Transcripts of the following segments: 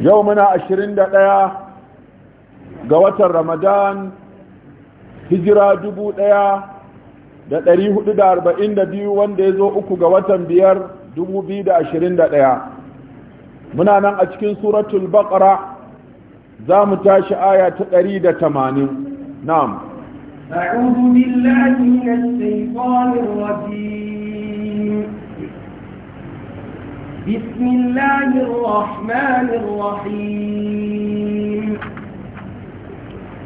yau muna 21 ga watan ramadan hijira 1442 wanda ya zo uku ga watan biyar 2021 muna nan a cikin suratul baqara za mu tashi aya ta 180 na'am tamanin, بالله بسم الله الرحمن الرحيم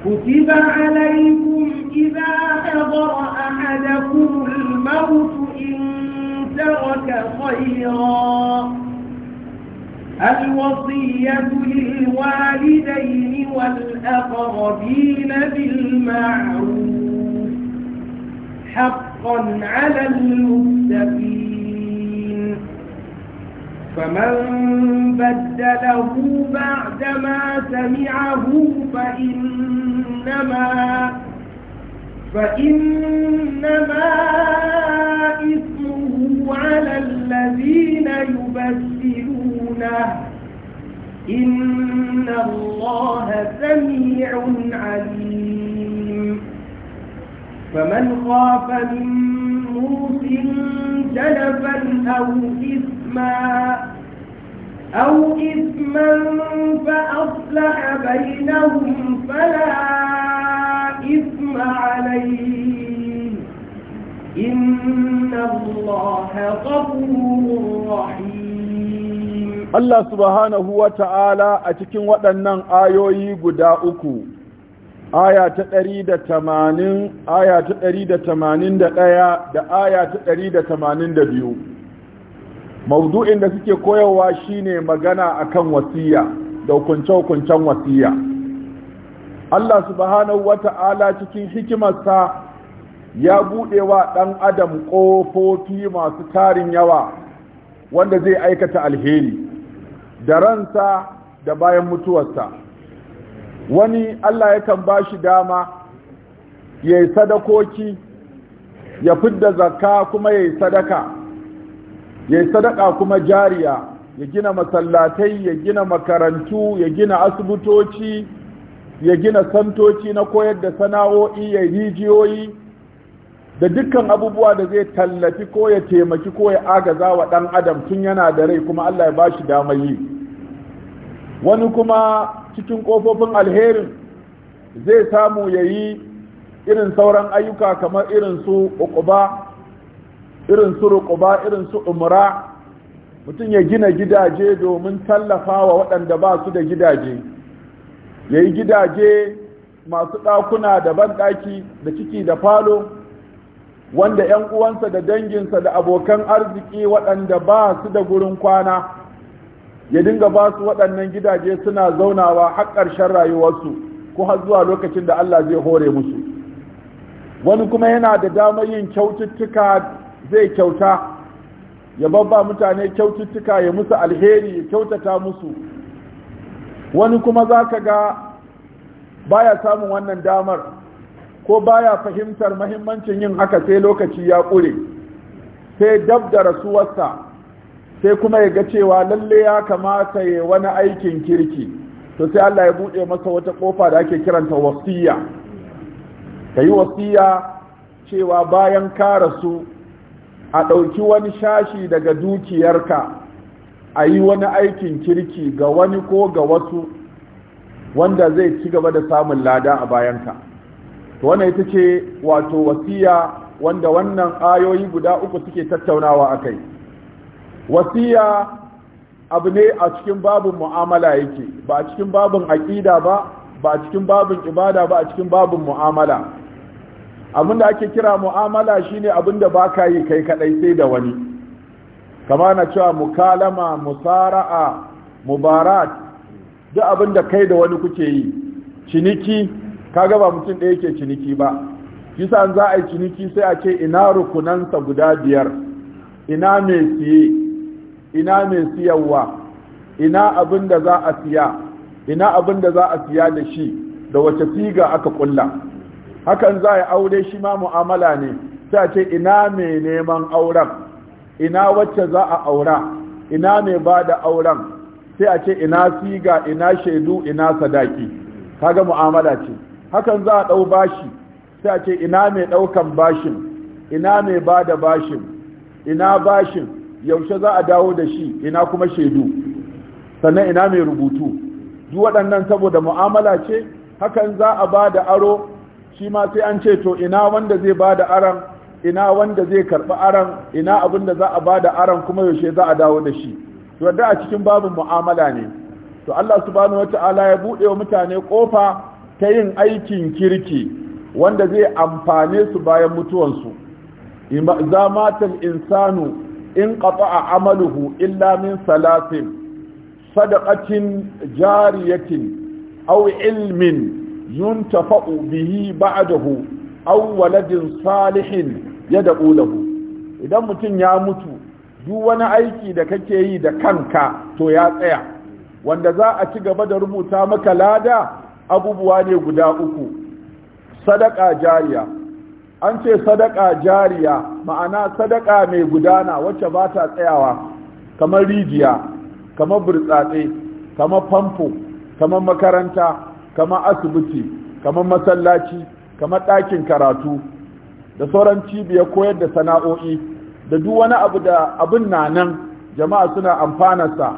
كتب عليكم إذا حضر أحدكم الموت إن ترك خيرا الوصية للوالدين والأقربين بالمعروف حقا على المتقين فمن بدله بعدما سمعه فإنما فإنما إثمه على الذين يبدلونه إن الله سميع عليم فمن خاف من موسى جنفا أو إثما إثما أو إثما فأصلح بينهم فلا إثم عليه إن الله غفور رحيم Allah subhanahu wa ta'ala a cikin waɗannan ayoyi guda uku, aya ta ɗari da tamanin, aya ta ɗari da tamanin da ɗaya da aya ta ɗari da tamanin da biyu. maudu'in da suke koyarwa shine magana akan wasiya da hukunce-hukuncen wasiya Allah subhanahu wata'ala cikin hikimarsa ya bude wa dan adam ƙofofi masu tarin yawa wanda zai aikata alheri da ransa da bayan mutuwarsa wani Allah yakan ba shi dama ya yi sadakoki ya fidda zakka kuma ya yi sadaka ya yi sadaka kuma jariya ya gina masallatai ya gina makarantu ya gina asibitoci ya gina santoci na koyar da sana'o'i ya rijiyoyi da dukkan abubuwa da zai tallafi ko ya taimaki ko ya agaza wa ɗan adam tun yana da rai kuma Allah ya ba shi damar yi wani kuma cikin ƙofofin alherin zai samu ya yi irin sauran ayyuka kamar irin su uquba irin su rukuba irin su umra mutum ya gina gidaje domin tallafa wa waɗanda ba su da gidaje ya yi gidaje masu ɗakuna da banɗaki da ciki da falo wanda 'yan uwansa da danginsa da abokan arziki waɗanda ba su da gurin kwana ya dinga ba su waɗannan gidaje suna zaunawa har ƙarshen rayuwarsu ko har zuwa lokacin da Allah zai hore musu wani kuma yana da damar yin kyaututtuka zai kyauta ya babba mutane kyaututtuka ya musu alheri ya kyautata musu wani kuma za ka ga baya samun wannan damar ko baya fahimtar mahimmancin yin haka sai lokaci ya ƙure sai dab da rasuwarsa sai kuma ya ga cewa lalle ya kamata ya wani aikin kirki to sai Allah ya buɗe masa wata ƙofa da ake kiranta wasiya ka yi wasiya cewa bayan ka rasu a ɗauki wani shashi daga dukiyarka a yi wani aikin kirki ga wani ko ga wasu wanda zai ci gaba da samun lada a bayanka to wannan ita ce wato wasiya wanda wannan ayoyi guda uku suke tattaunawa a kai wasiya abu ne a cikin babin mu'amala yake ba a cikin babin aƙida ba ba a cikin babin ibada ba a cikin babin mu'amala abin da ake kira mu'amala shine abinda baka yi kai kadai sai da wani kama na cewa mukalama musara'a mubarat duk abin da kai da wani kuke yi ciniki kaga ba mutum ɗaya yake ciniki ba kisa an za a yi ciniki sai a ce ina rukunansa guda biyar ina mai siye ina mai siyarwa ina da za a siya ina abinda za a siya da shi da wace siga aka kulla hakan za a aure shi ma mu'amala ne sai ce ina mai neman auren ina wacce za a aura ina mai ba da auren sai a ce ina siga ina shaidu ina sadaki kaga mu'amala ce hakan za a ɗau bashi sai a ce ina mai ɗaukan bashin ina mai ba da bashin ina bashin yaushe za a dawo da shi ina kuma shaidu sannan ina mai rubutu duk waɗannan saboda mu'amala ce hakan za a ba da aro shi ma sai an ce to ina wanda zai ba da aran ina wanda zai karɓi aran ina abin da za a ba da aran kuma yaushe za a dawo da shi to da a cikin babin mu'amala ne to Allah subhanahu wata'ala ya buɗe wa mutane ƙofa ta yin aikin kirki wanda zai amfane su bayan mutuwansu za matal insanu in qata'a amaluhu illa min salasin sadaqatin jariyatin aw ilmin yuntafa'u bihi ba'dahu aw waladin salihin ya lahu idan mutum ya mutu duk wani aiki da kake yi da kanka to ya tsaya wanda za a ci gaba da rubuta maka lada abubuwa ne guda uku sadaka jariya an ce sadaka jariya ma'ana sadaka mai gudana wacce ba ta tsayawa kamar rijiya kamar burtsatse kamar famfo kamar makaranta kamar asibiti kamar masallaci kamar ɗakin karatu da sauran cibiyar koyar da sana'o'i da duk wani abu da abin na nan jama'a suna sa,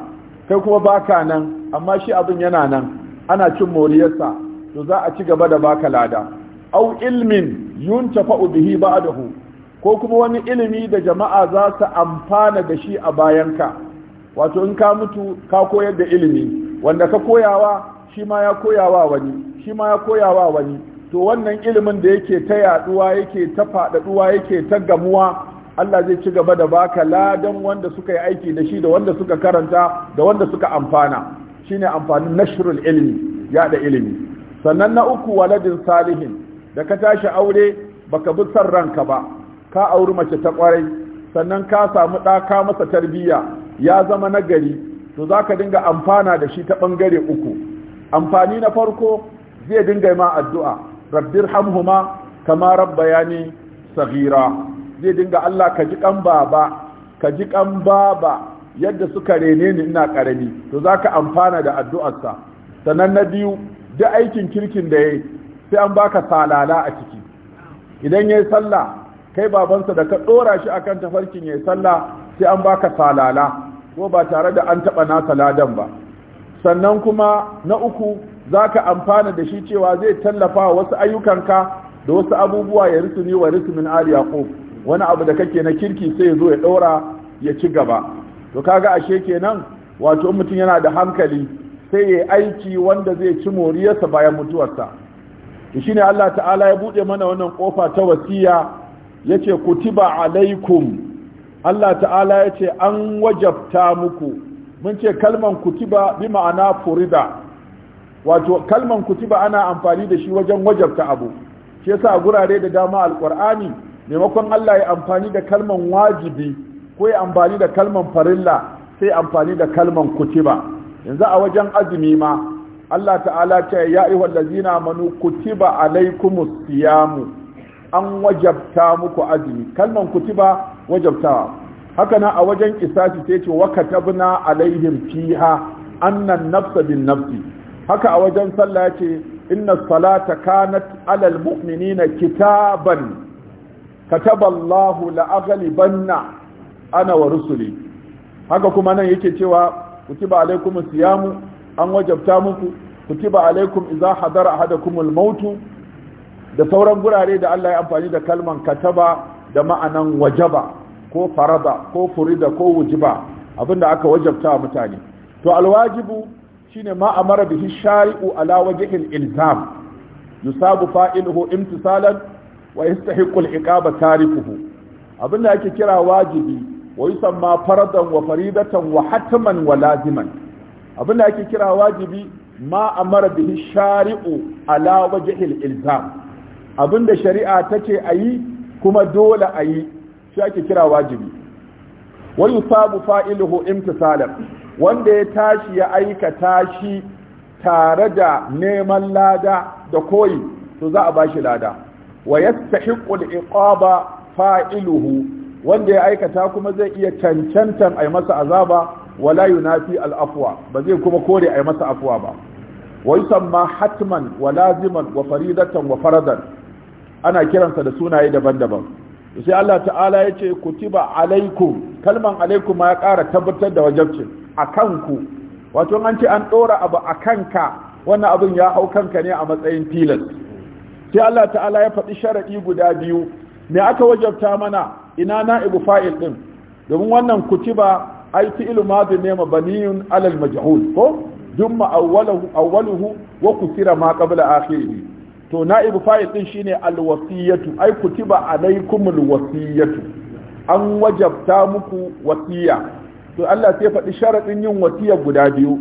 kai kuma baka nan amma shi abin yana nan ana cin moriyarsa to za a ci gaba da baka lada au ilmin yuntafa'u bihi ba'dahu ko kuma wani ilimi da jama'a za su amfana da shi a bayanka wato in ka mutu ka koyar da ilimi wanda ka koyawa shi ma ya wa wani shi ma ya wa wani to wannan ilimin da yake ta yaduwa yake ta faɗaɗuwa yake ta gamuwa Allah zai ci gaba da baka ladan wanda suka yi aiki da shi da wanda suka karanta da wanda suka amfana shine amfanin nashrul ilmi yada ilimi sannan na uku waladin salihin da ka tashi aure baka bi san ranka ba ka auri mace ta kwarai sannan ka samu ɗa ka masa tarbiyya ya zama nagari to zaka dinga amfana da shi ta bangare uku amfani na farko zai dinga ma addu'a rabbir hamhuma kama rabbayani saghira zai dinga Allah ka ji kan baba ka ji kan baba yadda suka rene ni ina karami to zaka amfana da addu'arsa sannan na biyu da aikin kirkin da yayi sai an baka salala a ciki idan yayi sallah kai babansa da ka dora shi a akan tafarkin yayi sallah sai an baka salala ko ba tare da an taɓa nasa ladan ba sannan kuma na uku za ka amfana da shi cewa zai tallafa wasu ayyukanka da wasu abubuwa ya ni wa min ali yaqub wani abu da kake na kirki sai ya zo ya ɗora ya ci gaba to kaga ashe kenan wato mutum yana da hankali sai ya aiki wanda zai ci moriyarsa bayan mutuwarsa to shine Allah ta'ala ya bude mana wannan kofa ta wasiya yace kutiba alaikum Allah ta'ala yace an wajabta muku mun ce kalman kutiba bi ma'ana furida wato kalman kutiba ana amfani da shi wajen wajabta abu shi yasa a gurare da dama alqur'ani maimakon Allah ya amfani da kalman wajibi ko ya amfani da kalman farilla sai amfani da kalman kutiba yanzu a wajen azumi ma Allah ta'ala ce ya ayu ladzina amanu kutiba alaikumus siyamu an wajabta muku azumi kalman kutiba wajabtawa haka na a wajen kisasi sai ce wa katabna alaihim fiha annan nafsa bin nafsi haka a wajen sallah ya ce inna salata kanat alal mu'minina kitaban kataballahu la'aghlibanna ana wa rusuli haka kuma nan yake cewa kutiba alaikum siyamu an wajabta muku kutiba alaikum idza hadara ahadakumul mautu da sauran gurare da Allah ya amfani da kalman kataba da ma'anan wajaba ko farada ko furida ko wujiba abinda aka wajabta wa mutane to alwajibu shine ma amara bihi shari'u ala wajhil ilzam yusabu fa'iluhu imtisalan wa yastahiqu al-iqaba tarikuhu abinda ake kira wajibi wa yusamma faradan wa faridatan wa hatman wa laziman abinda ake kira wajibi ma amara bihi shari'u ala wajhil ilzam abinda shari'a tace ayi kuma dole ayi shi ake kira wajibi wa yusabu fa'iluhu imtisalan wanda ya tashi ya aikata shi tare da neman lada da koyi to za a shi lada wa yastahiqqu al-iqaba fa'iluhu wanda ya aikata kuma zai iya cancantan a masa azaba wala yunafi al-afwa ba zai kuma kore ai masa afuwa ba wa yusamma hatman wa laziman wa faridatan wa faradan ana kiransa da sunaye daban-daban sai Allah ta'ala ya ce kutiba alaikum kalman alaikum ma ya ƙara tabbatar da wajabcin a kanku wato an ce an ɗora abu a kanka wannan abin ya hau kanka ne a matsayin tilas sai Allah ta'ala ya faɗi sharaɗi guda biyu me aka wajabta mana ina na'ibu fa'il ɗin domin wannan kutiba ai fi'il ma ne mabaniyun alal majhul ko juma awwaluhu awwaluhu wa kusira ma qabla akhirih to na'ibu fa'il din shine alwasiyatu ai kutiba alaikumul wasiyatu an wajabta muku wasiya to Allah sai faɗi sharadin yin wasiya guda biyu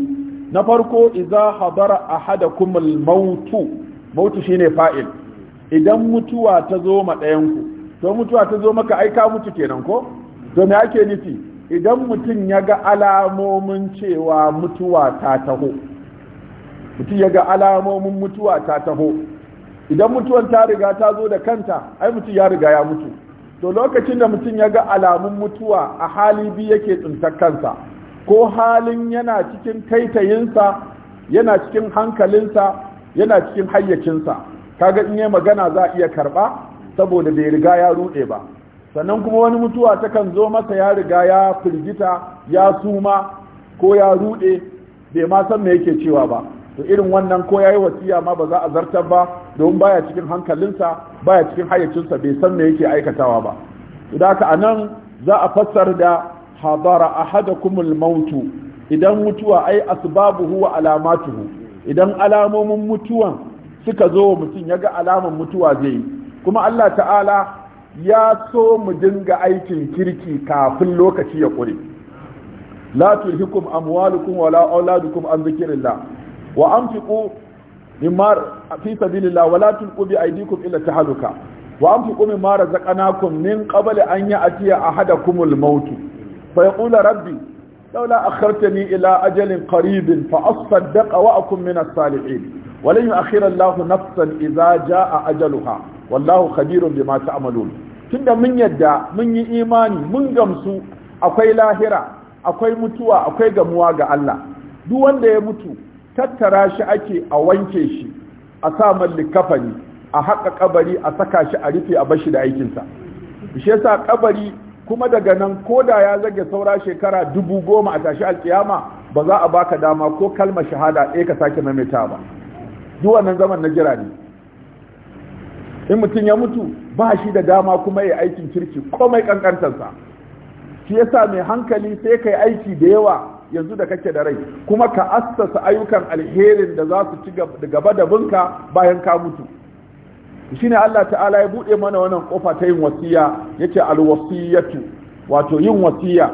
na farko idza hadara ahadakum mautu mautu shine fa'il idan mutuwa ta zo ma ɗayan ku to mutuwa ta zo maka ai ka mutu kenan ko to me ake nufi idan mutum ya ga alamomin cewa mutuwa ta taho mutum ya ga alamomin mutuwa ta taho idan mutuwan ta riga ta zo da kanta ai mutum ya riga ya mutu to lokacin da mutum ya ga alamun mutuwa a hali biyu yake tsintar kansa ko halin yana cikin taitayinsa yana cikin hankalinsa yana cikin hayyacinsa kaga in yi magana za a iya karba saboda bai riga ya rude ba sannan kuma wani mutuwa takan zo masa ya riga ya firgita ya suma ko ya rude bai ma san me yake cewa ba to irin wannan ko ya yi wasiya ma ba za a zartar ba don baya cikin hankalinsa baya cikin hayyacinsa bai san me yake aikatawa ba to da haka anan za a fassar da hadara ahadakumul mautu idan mutuwa ai asbabuhu wa alamatuhu idan alamomin mutuwan suka zo mutum ya ga alaman mutuwa zai yi. kuma Allah ta'ala ya so mu dinga aikin kirki kafin lokaci ya ƙure la tulhikum amwalukum wala auladukum an zikrillah wa anfiqu mimma fi sabilillah wa la tulqu bi aydikum ila tahaluka wa anfiqu mimma razaqnakum min qabli an ya'tiya ahadakumul maut fa yaqulu rabbi لولا أخرتني إلى أجل قريب فأصدق وأكن من a ولن يؤخر الله نفسا إذا جاء أجلها والله خبير بما تعملون tunda mun yadda mun yi imani mun gamsu akwai lahira akwai mutuwa akwai gamuwa ga Allah duk wanda ya mutu tattara shi ake a wanke shi a sa man likafani a haƙa kabari a saka shi a rufe a bashi da aikinsa shi yasa kabari kuma daga nan ko da ya zage saura shekara dubu goma a tashi alkiyama ba za a baka dama ko kalma shahada ɗaya ka sake maimaita ba duk wannan zaman na jira ne in mutum ya mutu ba shi da dama kuma ya aikin kirki komai kankantarsa shi yasa mai hankali sai kai aiki da yawa yanzu da kake da rai kuma ka assasa ayyukan alherin da za su ci gaba da binka bayan ka mutu shine Allah ta'ala ya buɗe mana wannan kofa ta yin wasiya ce alwasiyatu wato yin wasiya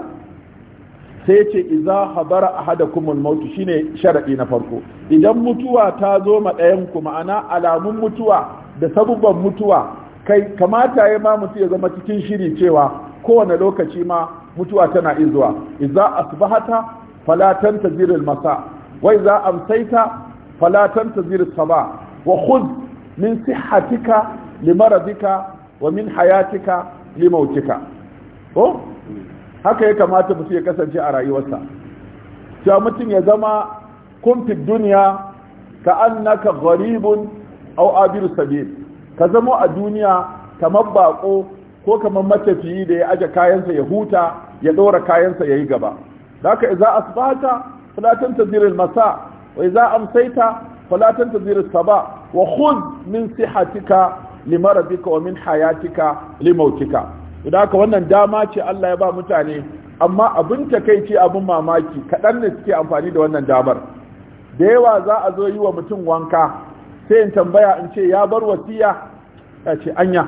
sai ce a hada hadara mautu Shi ne sharaɗi na farko idan mutuwa ta zo maɗayanku ku ma'ana alamun mutuwa da sabubban mutuwa kai kamata ya ma mutu ya zama cikin shiri cewa kowane lokaci ma mutuwa tana izuwa ba asbahata fala tantazir masa wai idza amsayta fala tantazir zirin sabah wa khudh min sihhatika limaradika wa min hayatika limautika ko haka ya kamata mutum ya kasance a rayuwarsa cewa mutum ya zama kumfin duniya ka annaka gharibun aw abiru sabil ka zama a duniya kamar bako ko kamar matafiyi da ya aje kayansa ya huta ya dora kayansa ya yi gaba haka iza asbata fala tantazir al-masa wa idza amsayta fala tantazir as-sabah wa khudh min sihatika limaradika wa min hayatika limautika idan ka wannan dama ce Allah ya ba mutane amma abin takeici abin mamaki kadan ne suke amfani da wannan damar da yawa za a zo yi wa mutum wanka sai in tambaya in ce ya bar wasiya ya ce anya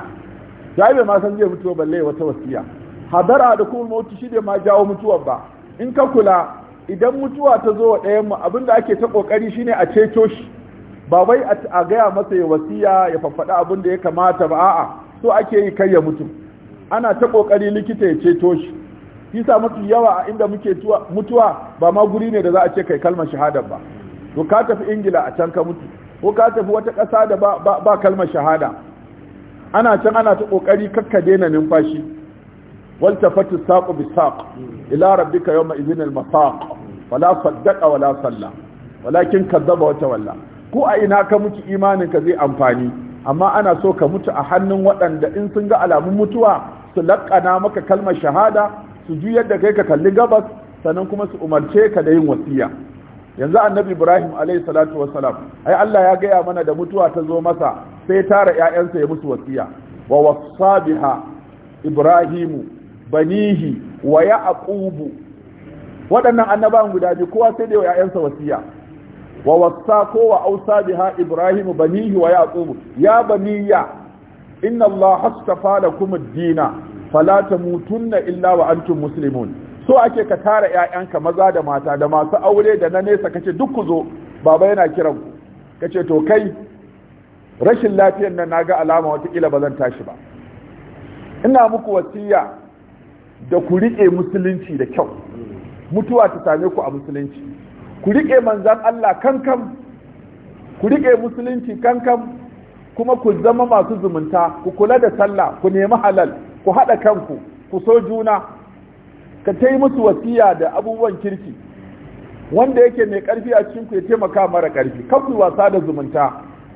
ya bai ma san zai mutuwa balle wata wasiya hadara da kuma mutu shi bai ma jawo mutuwar ba in ka kula idan mutuwa ta zo wa ɗayan mu abinda ake ta ƙoƙari shine a ceto shi ba wai a gaya masa ya wasiya ya faffada abin da ya kamata ba a'a so ake yi kai ya mutu ana ta ƙoƙari likita ya ceto shi yasa mafi yawa a inda muke mutuwa ba ma guri ne da za a ce kai kalmar shahada ba to ka tafi ingila a can ka mutu ko ka tafi wata ƙasa da ba, ba, kalmar shahada ana can ana ta ƙoƙari kakka daina numfashi wal tafatu saqu bi ila rabbika yawma idhin al-masaq wala saddaqa wala salla walakin kazzaba wa tawalla ko a ina ka mutu imanin ka zai amfani amma ana so ka mutu a hannun waɗanda in sun ga alamun mutuwa su laƙana maka kalmar shahada su juyar da kai ka kalli gabas sannan kuma su umarce ka da yin wasiya yanzu annabi ibrahim alayhi salatu salam, ai Allah ya gaya mana da mutuwa ta zo masa sai tara ƴaƴansa ya musu wasiya wa wasa biha ibrahimu banihi wa yaqubu waɗannan annabawan guda biyu kowa sai da yayansa wasiya wa wasa ko wa ausa biha ibrahim banihi wa yaqubu ya baniya inna allaha astafa lakum ad-dina fala tamutunna illa wa antum muslimun so ake ka tara yayanka maza da mata da masu aure da na nesa kace duk ku zo baba yana kiran ku kace to kai rashin lafiyar nan naga alama wata ba zan tashi ba ina muku wasiya da ku riƙe musulunci da kyau mutuwa ta same ku a musulunci ku riƙe manzan Allah kankan ku riƙe musulunci kankan kuma ku zama masu zumunta ku kula da sallah ku nemi halal ku haɗa kanku ku so juna ka ta musu wasiya da abubuwan kirki wanda yake mai ƙarfi a cikin ku ya taimaka mara ƙarfi kan ku wasa da zumunta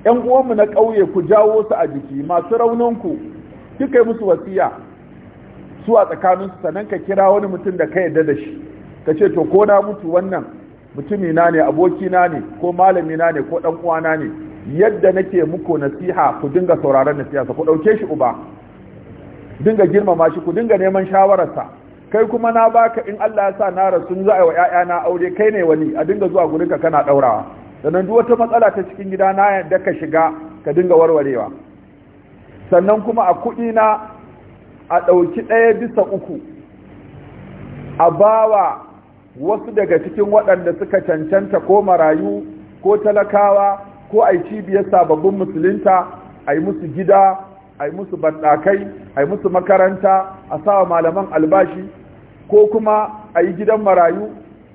ƴan uwanmu na ƙauye ku jawo su a jiki masu rauninku kika yi musu wasiya Zuwa tsakaninsu sannan ka kira wani mutum da ka yarda da shi ka ce to ko na mutu wannan mutumina ne abokina ne ko malamina ne ko dan uwana ne yadda nake muku nasiha ku dinga sauraron nasiha ku dauke shi uba dinga girmama shi ku dinga neman shawararsa kai kuma na baka in Allah ya sa na rasu za a yi wa ƴaƴana aure kai ne wani a dinga zuwa gurin ka kana daurawa sannan duk wata matsala ta cikin gida na yadda ka shiga ka dinga warwarewa sannan kuma a kuɗi na a ɗauki ɗaya bisa uku a bawa wasu daga cikin waɗanda suka cancanta ko marayu ko talakawa ko a yi cibiyar sababbin musulunta a yi musu gida a yi musu banɗakai a yi musu makaranta a sawa malaman albashi ko kuma a yi gidan marayu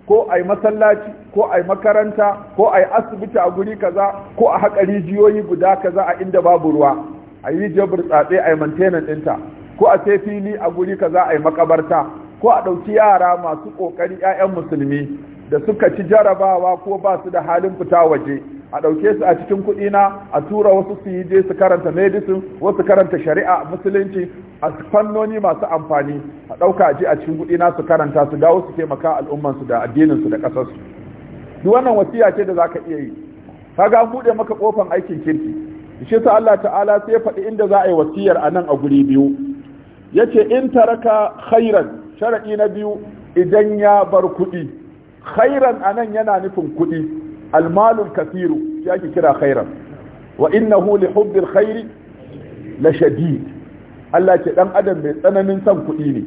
ko a yi masallaci ko a yi makaranta ko a yi asibiti a guri kaza ko a haƙa rijiyoyi guda kaza a inda babu ruwa a yi rijiyar burtsatse a yi maintenance ɗinta ko a ce fili a guri za a yi makabarta ko a ɗauki yara masu ƙoƙari 'ya'yan musulmi da suka ci jarabawa ko ba su da halin fita waje a ɗauke su a cikin kuɗina a tura wasu su yi je su karanta medicine wasu karanta shari'a musulunci a fannoni masu amfani a ɗauka ji a cikin kuɗi na su karanta su dawo su taimaka al'ummansu da addininsu da ƙasarsu duk wannan wasiya ce da za ka iya yi kaga an buɗe maka kofan aikin kirki shi sa Allah ta'ala sai faɗi inda za a yi wasiyar a nan a guri biyu yace in taraka khairan sharadi na biyu idan ya bar kuɗi khairan anan yana nufin kuɗi almalul kathiru ya ke kira khairan wa innahu li hubbil khairi la shadid Allah ce dan adam mai tsananin son kuɗi ne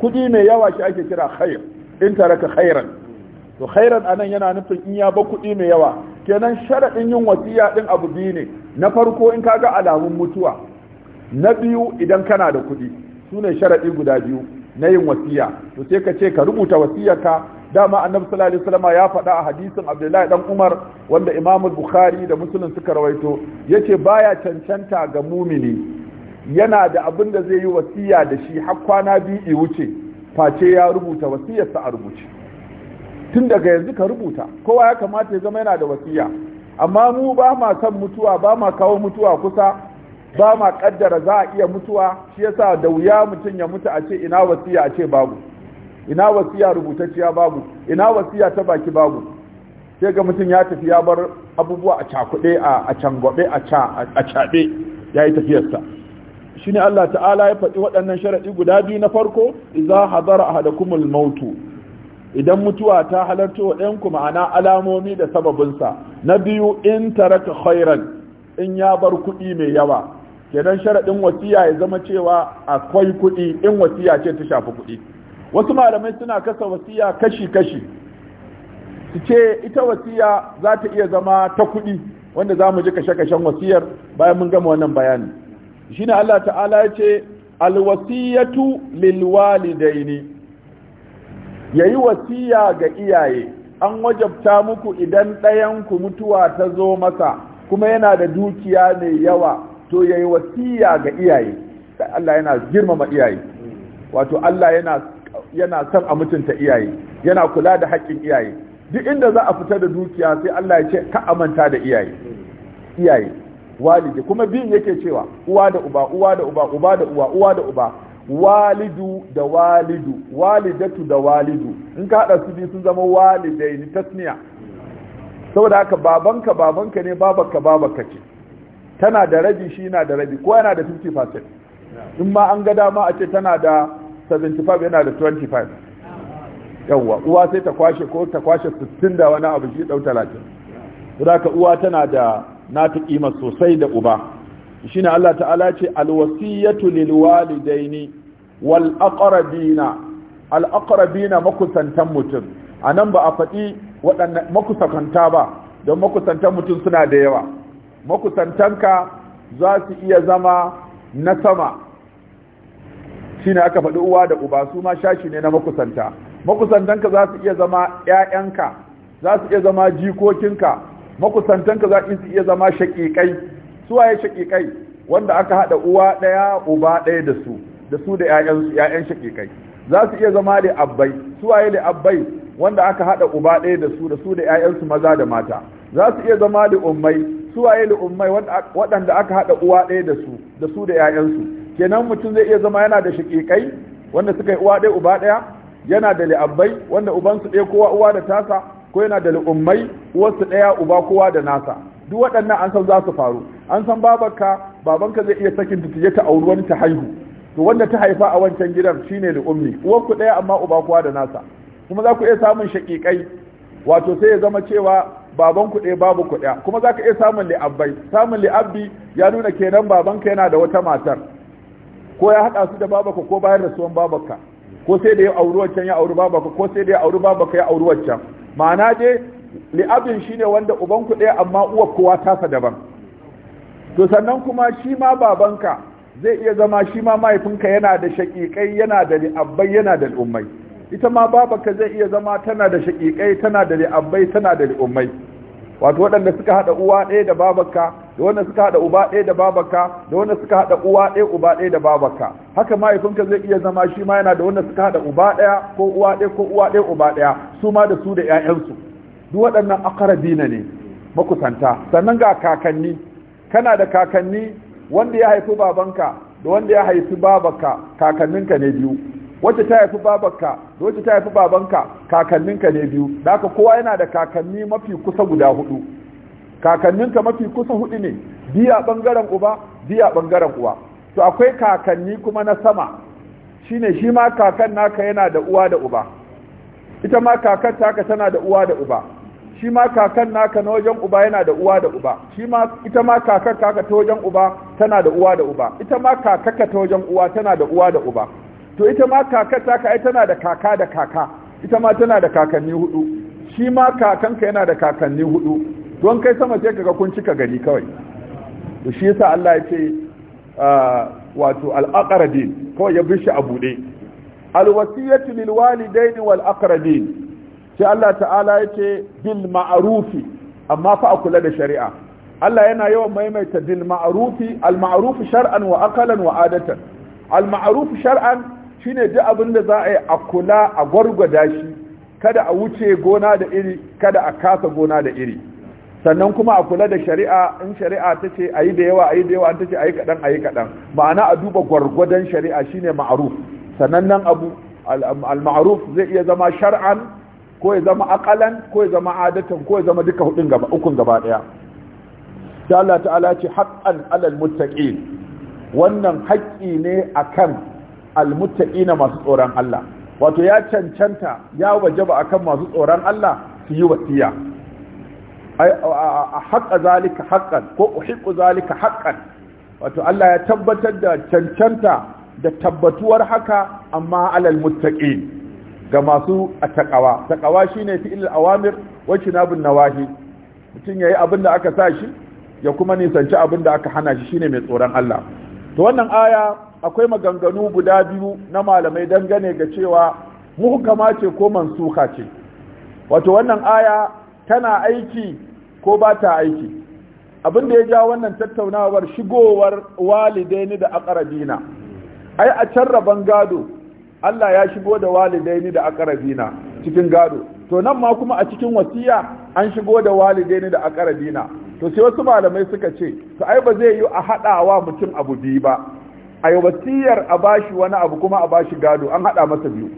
kuɗi mai yawa shi ake kira khair in taraka khairan to khairan anan yana nufin in ya ba kuɗi mai yawa kenan sharadin yin wasiya din abu biyu ne na farko in kaga alamun mutuwa na biyu idan kana da kuɗi su ne sharaɗi guda biyu na yin wasiya to sai ka ce ka rubuta wasiyarka dama annabi sallallahu alaihi wasallam ya faɗa a hadisin Abdullahi dan Umar wanda Imam Bukhari da Muslim suka rawaito yace baya cancanta ga mumini yana da abin da zai yi wasiya da shi har kwana biyu i wuce face ya rubuta wasiyarsa a rubuce tun daga yanzu ka rubuta kowa ya kamata ya zama yana da wasiya amma mu ba ma san mutuwa ba ma kawo mutuwa kusa ba ma kaddara za a iya mutuwa shi yasa da wuya mutum ya mutu a ce ina wasiya a ce babu ina wasiya rubutacciya babu ina wasiya ta baki babu sai ga mutum ya tafi ya bar abubuwa a cakuɗe a gobe a caɓe ya yi tafiyarsa shi ne Allah ta'ala ya faɗi waɗannan sharaɗi guda biyu na farko iza hadara ahadakumul mautu idan mutuwa ta halarta wa ɗanku ma'ana alamomi da sababinsa na biyu in taraka khairan in ya bar kuɗi mai yawa kenan sharaɗin wasiya ya zama cewa akwai kuɗi in wasiya ce ta shafi kuɗi wasu malamai suna kasa wasiya kashi-kashi su ce ita wasiya za ta iya zama ta kuɗi wanda za mu ji kashe-kashen wasiyar bayan mun gama wannan bayani shi ne Allah ta'ala ya ce alwasiyatu lilwalidaini ya yi wasiya ga iyaye an wajabta muku idan ɗayanku mutuwa ta zo masa kuma yana da dukiya mai yawa to yayi wasiya ga iyaye Allah yana girmama iyaye wato Allah yana yana son a mutunta iyaye yana kula da haƙƙin iyaye duk inda za a fita da dukiya sai Allah ya ce ka amanta da iyaye iyaye walidi kuma biyun yake cewa uwa da uba uwa da uba uba da uwa uwa da uba walidu da walidu walidatu da walidu in ka hada su biyu sun zama walidai ni tasniya saboda haka babanka babanka ne babanka babanka ce tana da rabi shi yana da rabi kowa yana da 50% in ma an ga dama a ce tana da 75 yana da 25 yawwa uwa sai ta kwashe ko ta kwashe 60 da wani abu shi dau 30 ka uwa tana da nata kima sosai da uba shi ne Allah ta'ala ce alwasiyatu lil walidaini wal aqrabina al aqrabina makusantan mutum anan ba a faɗi waɗannan makusakanta ba don makusantan mutum suna da yawa makusantanka za su iya zama na sama Shi ne aka faɗi uwa da uba su ma shashi ne na makusanta makusantanka za su iya zama 'ya'yanka, za su iya zama jikokinka makusantanka za su iya zama shaƙiƙai su waye shaƙiƙai wanda aka haɗa uwa ɗaya uba ɗaya da su da su da 'ya'yan shaƙiƙai za su iya zama da abbai su waye da abbai wanda aka haɗa uba ɗaya da su da su da 'ya'yansu, maza da mata za su iya zama da ummai suwaye lu'ummai waɗanda aka haɗa uwa ɗaya da su da su da 'ya'yansu kenan mutum zai iya zama yana da shaƙiƙai wanda suka yi uwa ɗaya uba ɗaya yana da li'abbai wanda ubansu ɗaya kowa uwa da tasa ko yana da lu'ummai uwarsu ɗaya uba kowa da nasa duk waɗannan an san za su faru an san babanka babanka zai iya sakin ta tije ta auri wani ta haihu to wanda ta haifa a wancan gidan shine lu'ummi uwarku ɗaya amma uba kowa da nasa kuma za ku iya samun shaƙiƙai wato sai ya zama cewa baban ku ɗaya babu ku ɗaya kuma zaka iya samun li'abbai samun li'abbi ya nuna kenan babanka yana da wata matar ko ya haɗa su da babaka ko bayan suwan babaka ko sai da ya auri wancan ya auri babaka ko sai da ya auri babaka ya auri wancan ma'ana dai li'abin ne wanda uban ku ɗaya amma uwar kowa tasa daban to sannan kuma shi ma babanka zai iya zama shi ma mahaifinka yana da shaƙiƙai yana da li'abbai yana da al'ummai ita ma babaka zai iya zama tana da shaƙiƙai tana da li'abbai tana da li'ummai wato waɗanda suka haɗa uwa ɗaya da babaka da wanda suka haɗa uba ɗaya da babaka da wanda suka haɗa uwa ɗaya uba ɗaya da babaka haka mahaifinka zai iya zama shi ma yana da wanda suka haɗa uba ɗaya ko uwa ɗaya ko uwa ɗaya uba ɗaya su ma da su da ƴaƴansu duk waɗannan aqrabina ne makusanta sannan ga kakanni kana da kakanni wanda ya haifi babanka da wanda ya haifi babaka kakanninka ne biyu wacce ta haifi babanka da wacce ta haifi babanka kakanninka ne biyu da haka kowa yana da kakanni mafi kusa guda hudu kakanninka mafi kusa hudu ne biya bangaren uba biya bangaren uwa to akwai kakanni kuma na sama shine shi ma kakan naka yana da uwa da uba ita ma kakan taka tana da uwa da uba shi ma kakan naka na wajen uba yana da uwa da uba shi ma ita ma kakan kaka ta wajen uba tana da uwa da uba ita ma kakaka ta wajen uwa tana da uwa da uba to ita ma kakar ka ai tana da kaka da kaka ita ma tana da kakanni hudu shi ma kakanka yana da kakanni hudu don kai sama sai kaga kun cika gari kawai to shi yasa Allah ya ce ah, wato al-aqrabin kawai ya bishi a bude al-wasiyatu lil walidain wal aqrabin sai Allah ta'ala ya ce bil ma'ruf amma fa akula da shari'a Allah yana yawan maimaita bil ma'ruf al-ma'ruf shar'an wa aqlan wa adatan al-ma'ruf shar'an Shi ne duk abin da za a yi a kula a gwargwada shi kada a wuce gona da iri kada a kasa gona da iri sannan kuma a kula da shari'a in shari'a ta ce a yi da yawa a yi da yawa ta ce a yi kaɗan a yi kaɗan ma'ana a duba gwargwadon shari'a shi ne ma'aruf sannan nan abu al-ma'aruf zai iya zama shar'an ko ya zama aƙalan, ko ya zama adatan ko ya zama duka hudun gaba ukun gaba ɗaya sai Allah ta'ala ce haqqan alal muttaqin wannan haƙƙi ne akan almuttaqina masu tsoron Allah wato ya cancanta ya wajaba akan masu tsoron Allah su yi wasiya a haƙa zalika haƙan ko uhiqu zalika haƙan wato Allah ya tabbatar da cancanta da tabbatuwar haka amma alal muttaqin ga masu taqawa taqawa shine fi'il awamir wa shinabun nawahi mutum yayi abin da aka sa shi ya kuma nisanci abin da aka hana shi shine mai tsoron Allah to wannan aya akwai maganganu guda biyu na malamai dangane ga cewa muhkama ce ko mansuka ce wato wannan aya tana aiki ko ba ta aiki abin da ya ja wannan tattaunawar shigowar walidaini da akarabina ai a can rabon gado Allah ya shigo da walidaini da akarabina cikin gado to nan ma kuma a cikin wasiya an shigo da walidaini da akarabina to sai wasu malamai suka ce to ai ba zai yi a wa mutum abu biyu ba a yi wasiyar a bashi wani abu kuma a bashi gado an haɗa masa biyu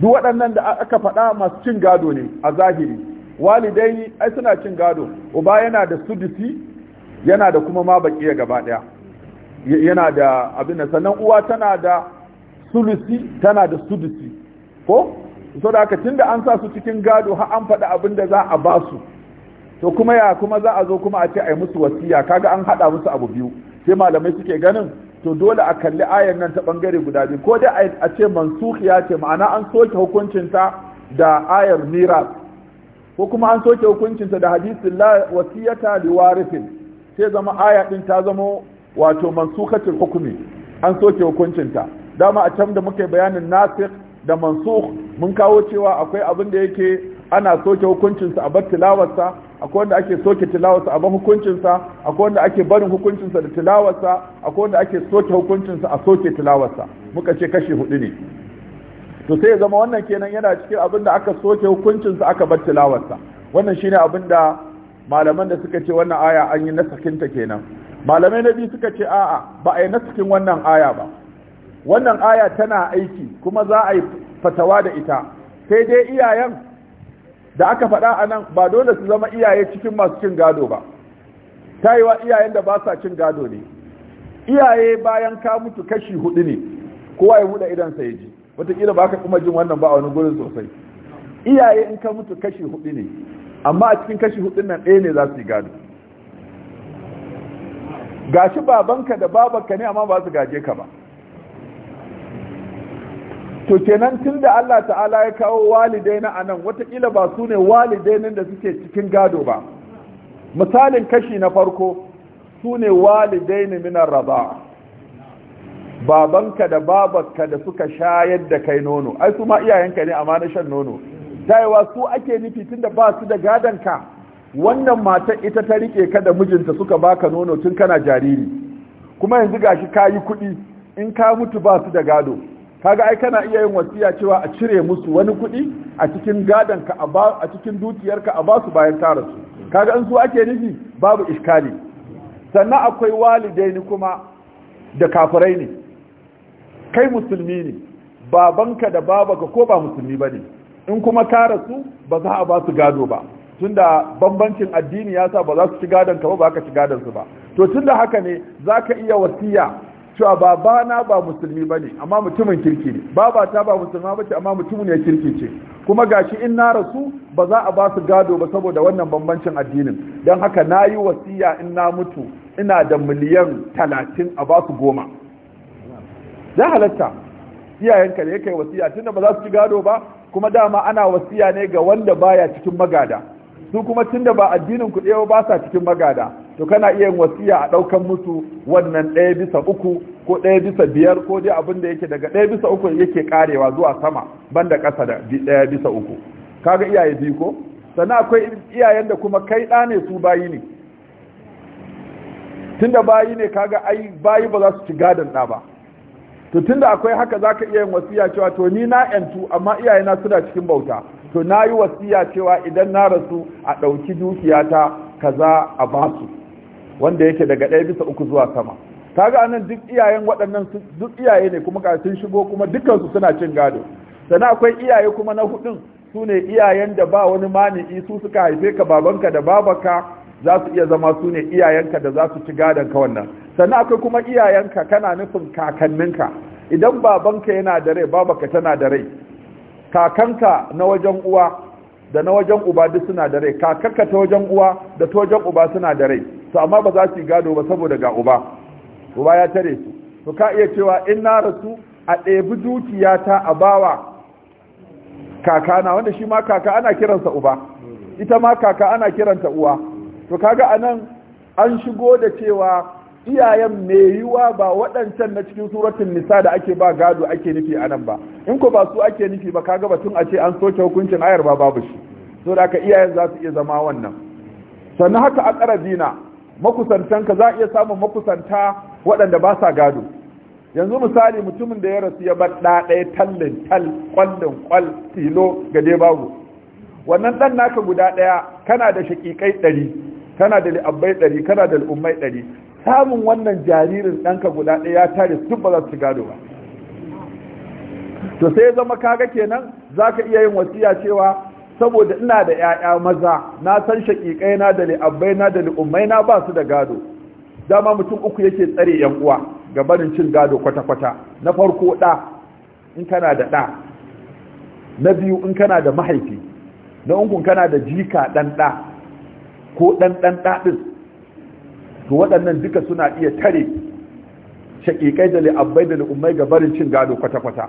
duk waɗannan da aka faɗa masu cin gado ne a zahiri walidai ai suna cin gado uba yana da sudisi yana da kuma ma ya gaba ɗaya yana da abin da sannan uwa tana da sulusi tana da sudisi ko so da aka tunda an sa su cikin gado har an faɗa abin da za a ba su to kuma ya kuma za a zo kuma a ce a yi musu wasiya kaga an haɗa musu abu biyu sai malamai suke ganin to dole a kalli ayar nan ta bangare guda biyu ko dai a ce mansukhiya ce ma'ana an soke hukuncinta da ayar miras ko kuma an soke hukuncinta da hadisin la wasiyata liwarithin sai zama aya din ta zama wato mansukhatul hukmi an soke hukuncinta dama a can da muka yi bayanin nasikh da mansukh mun kawo cewa akwai abin da yake ana soke hukuncinsa a bar tilawarsa akwai wanda ake soke tilawarsa a ban hukuncinsa akwai wanda ake barin hukuncinsa da tilawarsa akwai wanda ake soke hukuncinsa a soke tilawarsa muka ce kashi hudu ne to sai ya zama wannan kenan yana cikin abin da aka soke hukuncinsa aka bar tilawarsa wannan shine abin da malaman da suka ce wannan aya an yi nasakinta kenan malamai na biyu suka ce a'a ba a yi nasakin wannan aya ba wannan aya tana aiki kuma za a yi fatawa da ita sai dai iyayen da aka faɗa a nan ba dole su zama iyaye cikin masu cin gado ba ta yi wa iyayen da ba sa cin gado ne iyaye bayan ka mutu kashi hudu ne kowa ya huda sa ya ji wataƙila ba ka kuma jin wannan ba a wani gurin sosai iyaye in ka mutu kashi hudu ne amma a cikin kashi hudun nan ɗaya ne za su yi gado gashi babanka da babanka ne amma ba su gaje ka ba to kenan tun da Allah ta'ala ya kawo walidai na anan watakila ba su ne walidainin da suke cikin gado ba misalin kashi na farko su ne walidaini minar raba babanka da babanka da suka shayar da kai nono ai su ma iyayenka ne amma na shan nono taiwa su ake nufi da ba su da ka? wannan matar ita ta rike ka da mijinta suka baka nono tun kana jariri kuma yanzu gashi kayi kuɗi in ka mutu ba su da gado kaga ai kana iya yin wasiya cewa a cire musu wani kuɗi a cikin gadon ka a cikin dukiyarka a basu bayan tara su kaga in su ake nufi babu iskali sannan akwai walidai walidaini kuma da kafirai ne kai musulmi ne babanka da babaka ko ba musulmi bane in kuma ka rasu ba za a ba su gado ba tunda bambancin addini ya sa ba za su ci gadon ka ba ba ka ci gadon su ba to tunda haka ne zaka iya wasiya cewa babana ba musulmi bane amma mutumin kirki ne babata ba musulma bace amma mutumin ya kirki ce kuma gashi in na rasu ba za a ba su gado ba saboda wannan bambancin addinin don haka na yi wasiya in na mutu ina da miliyan talatin a ba su goma ya halatta iyayenka ne kai wasiya tunda ba za su ci gado ba kuma dama ana wasiya ne ga wanda baya cikin magada su kuma tunda ba addinin ku ba sa cikin magada to kana iya yin wasiya a ɗaukan musu wannan ɗaya bisa uku ko ɗaya bisa biyar ko dai abin da yake daga ɗaya bisa uku yake karewa zuwa sama banda ƙasa da ɗaya bisa uku kaga iyaye biyu ko sannan akwai iyayen da kuma kai ɗa ne su bayi ne tunda bayi ne kaga ai bayi ba za su ci gadon ɗa ba to tunda akwai haka zaka iya yin wasiya cewa to ni na yantu amma iyayena suna cikin bauta to na yi wasiya cewa idan na rasu a ɗauki dukiyata kaza a basu wanda yake daga ɗaya bisa uku zuwa sama Ta ga nan duk iyayen waɗannan duk iyaye ne kuma sun shigo kuma dukansu suna cin gado sana akwai iyaye kuma na huɗun, su ne iyayen da ba wani mani'i su suka haife ka babanka da babaka za su iya zama su ne iyayenka da za su ci gadon ka wannan Sani akwai kuma iyayenka kana nufin kakanninka idan babanka yana da rai babaka tana da rai kakanka na wajen uwa da na wajen uba duk suna da rai kakanka ta wajen uwa da ta wajen uba suna da rai su amma ba za su gado ba saboda ga uba uba ya tare su to ka iya cewa in na rasu a ɗebi dukiyata a bawa kakana wanda shi ma kaka ana kiransa uba ita ma kaka ana kiranta uwa to kaga anan an shigo da cewa iyayen mai yiwa ba waɗancan na cikin suratun nisa da ake ba gado ake nufi a nan ba in ko ba su ake nufi ba kaga batun a ce an soke hukuncin ayar ba babu shi so da iyayen za su iya zama wannan sannan haka ƙara a dina. makusantanka za a iya samun makusanta waɗanda ba sa gado yanzu misali mutumin da ya rasu ya bar ɗa tallin tal ƙwallin ƙwal tilo ga dai babu wannan ɗan naka guda ɗaya kana da shaƙiƙai ɗari kana da li'abbai ɗari kana da al'ummai ɗari samun wannan jaririn ɗanka guda ɗaya ya tare su ba za su gado ba to sai ya zama kaga kenan za ka iya yin wasiya cewa saboda ina da 'yaya maza na san shaƙiƙai na da li'abbai na da li'ummai na ba su da gado dama mutum uku yake tsare yan uwa ga barin cin gado kwata-kwata na farko ɗa in kana da ɗa na biyu in kana da mahaifi na uku kana da jika ɗan ɗa ko ɗan ɗan ɗa ɗin to waɗannan duka suna iya tare shaƙiƙai da li'abbai da li'ummai ga barin cin gado kwata-kwata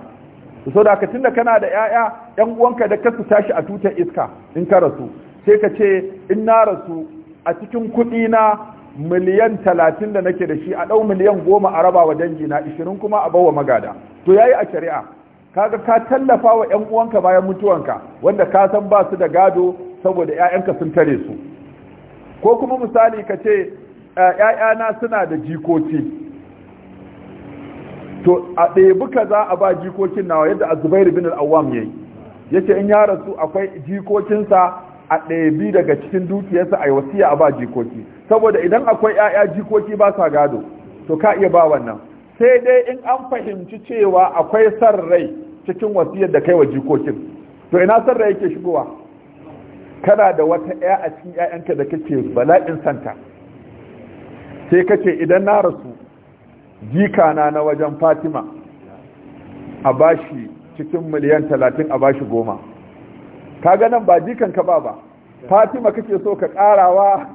so da ka tunda kana da ƴaƴa ƴan uwanka da kasu tashi a tutar iska in ka rasu sai ka ce in na rasu a cikin kuɗi na miliyan talatin da nake da shi a ɗau miliyan goma a raba wa dangi na ishirin kuma a bawa magada to ya yi a shari'a kaga ka tallafa wa ƴan uwanka bayan mutuwanka wanda ka san ba su da gado saboda ƴaƴanka sun tare su ko kuma misali ka ce ƴaƴana suna da jikoki to a ɗebi za a ba jikokin nawa yadda Zubairu bin al'awam ya yi ya ce in ya rasu akwai jikokinsa a ɗebi daga cikin dukiyarsa a yi wasiya a ba jikoki saboda idan akwai 'ya'ya jikoki ba sa gado to ka iya ba wannan sai dai in an fahimci cewa akwai san rai cikin wasiyar da kai wa jikokin to ina san rai yake shigowa kana da wata 'ya a cikin 'ya'yanka da kake bala'in santa sai kace idan na rasu Jika na wajen fatima a bashi cikin miliyan talatin a bashi goma ka ganin ba jikan ka ba ba fatima kake so ka karawa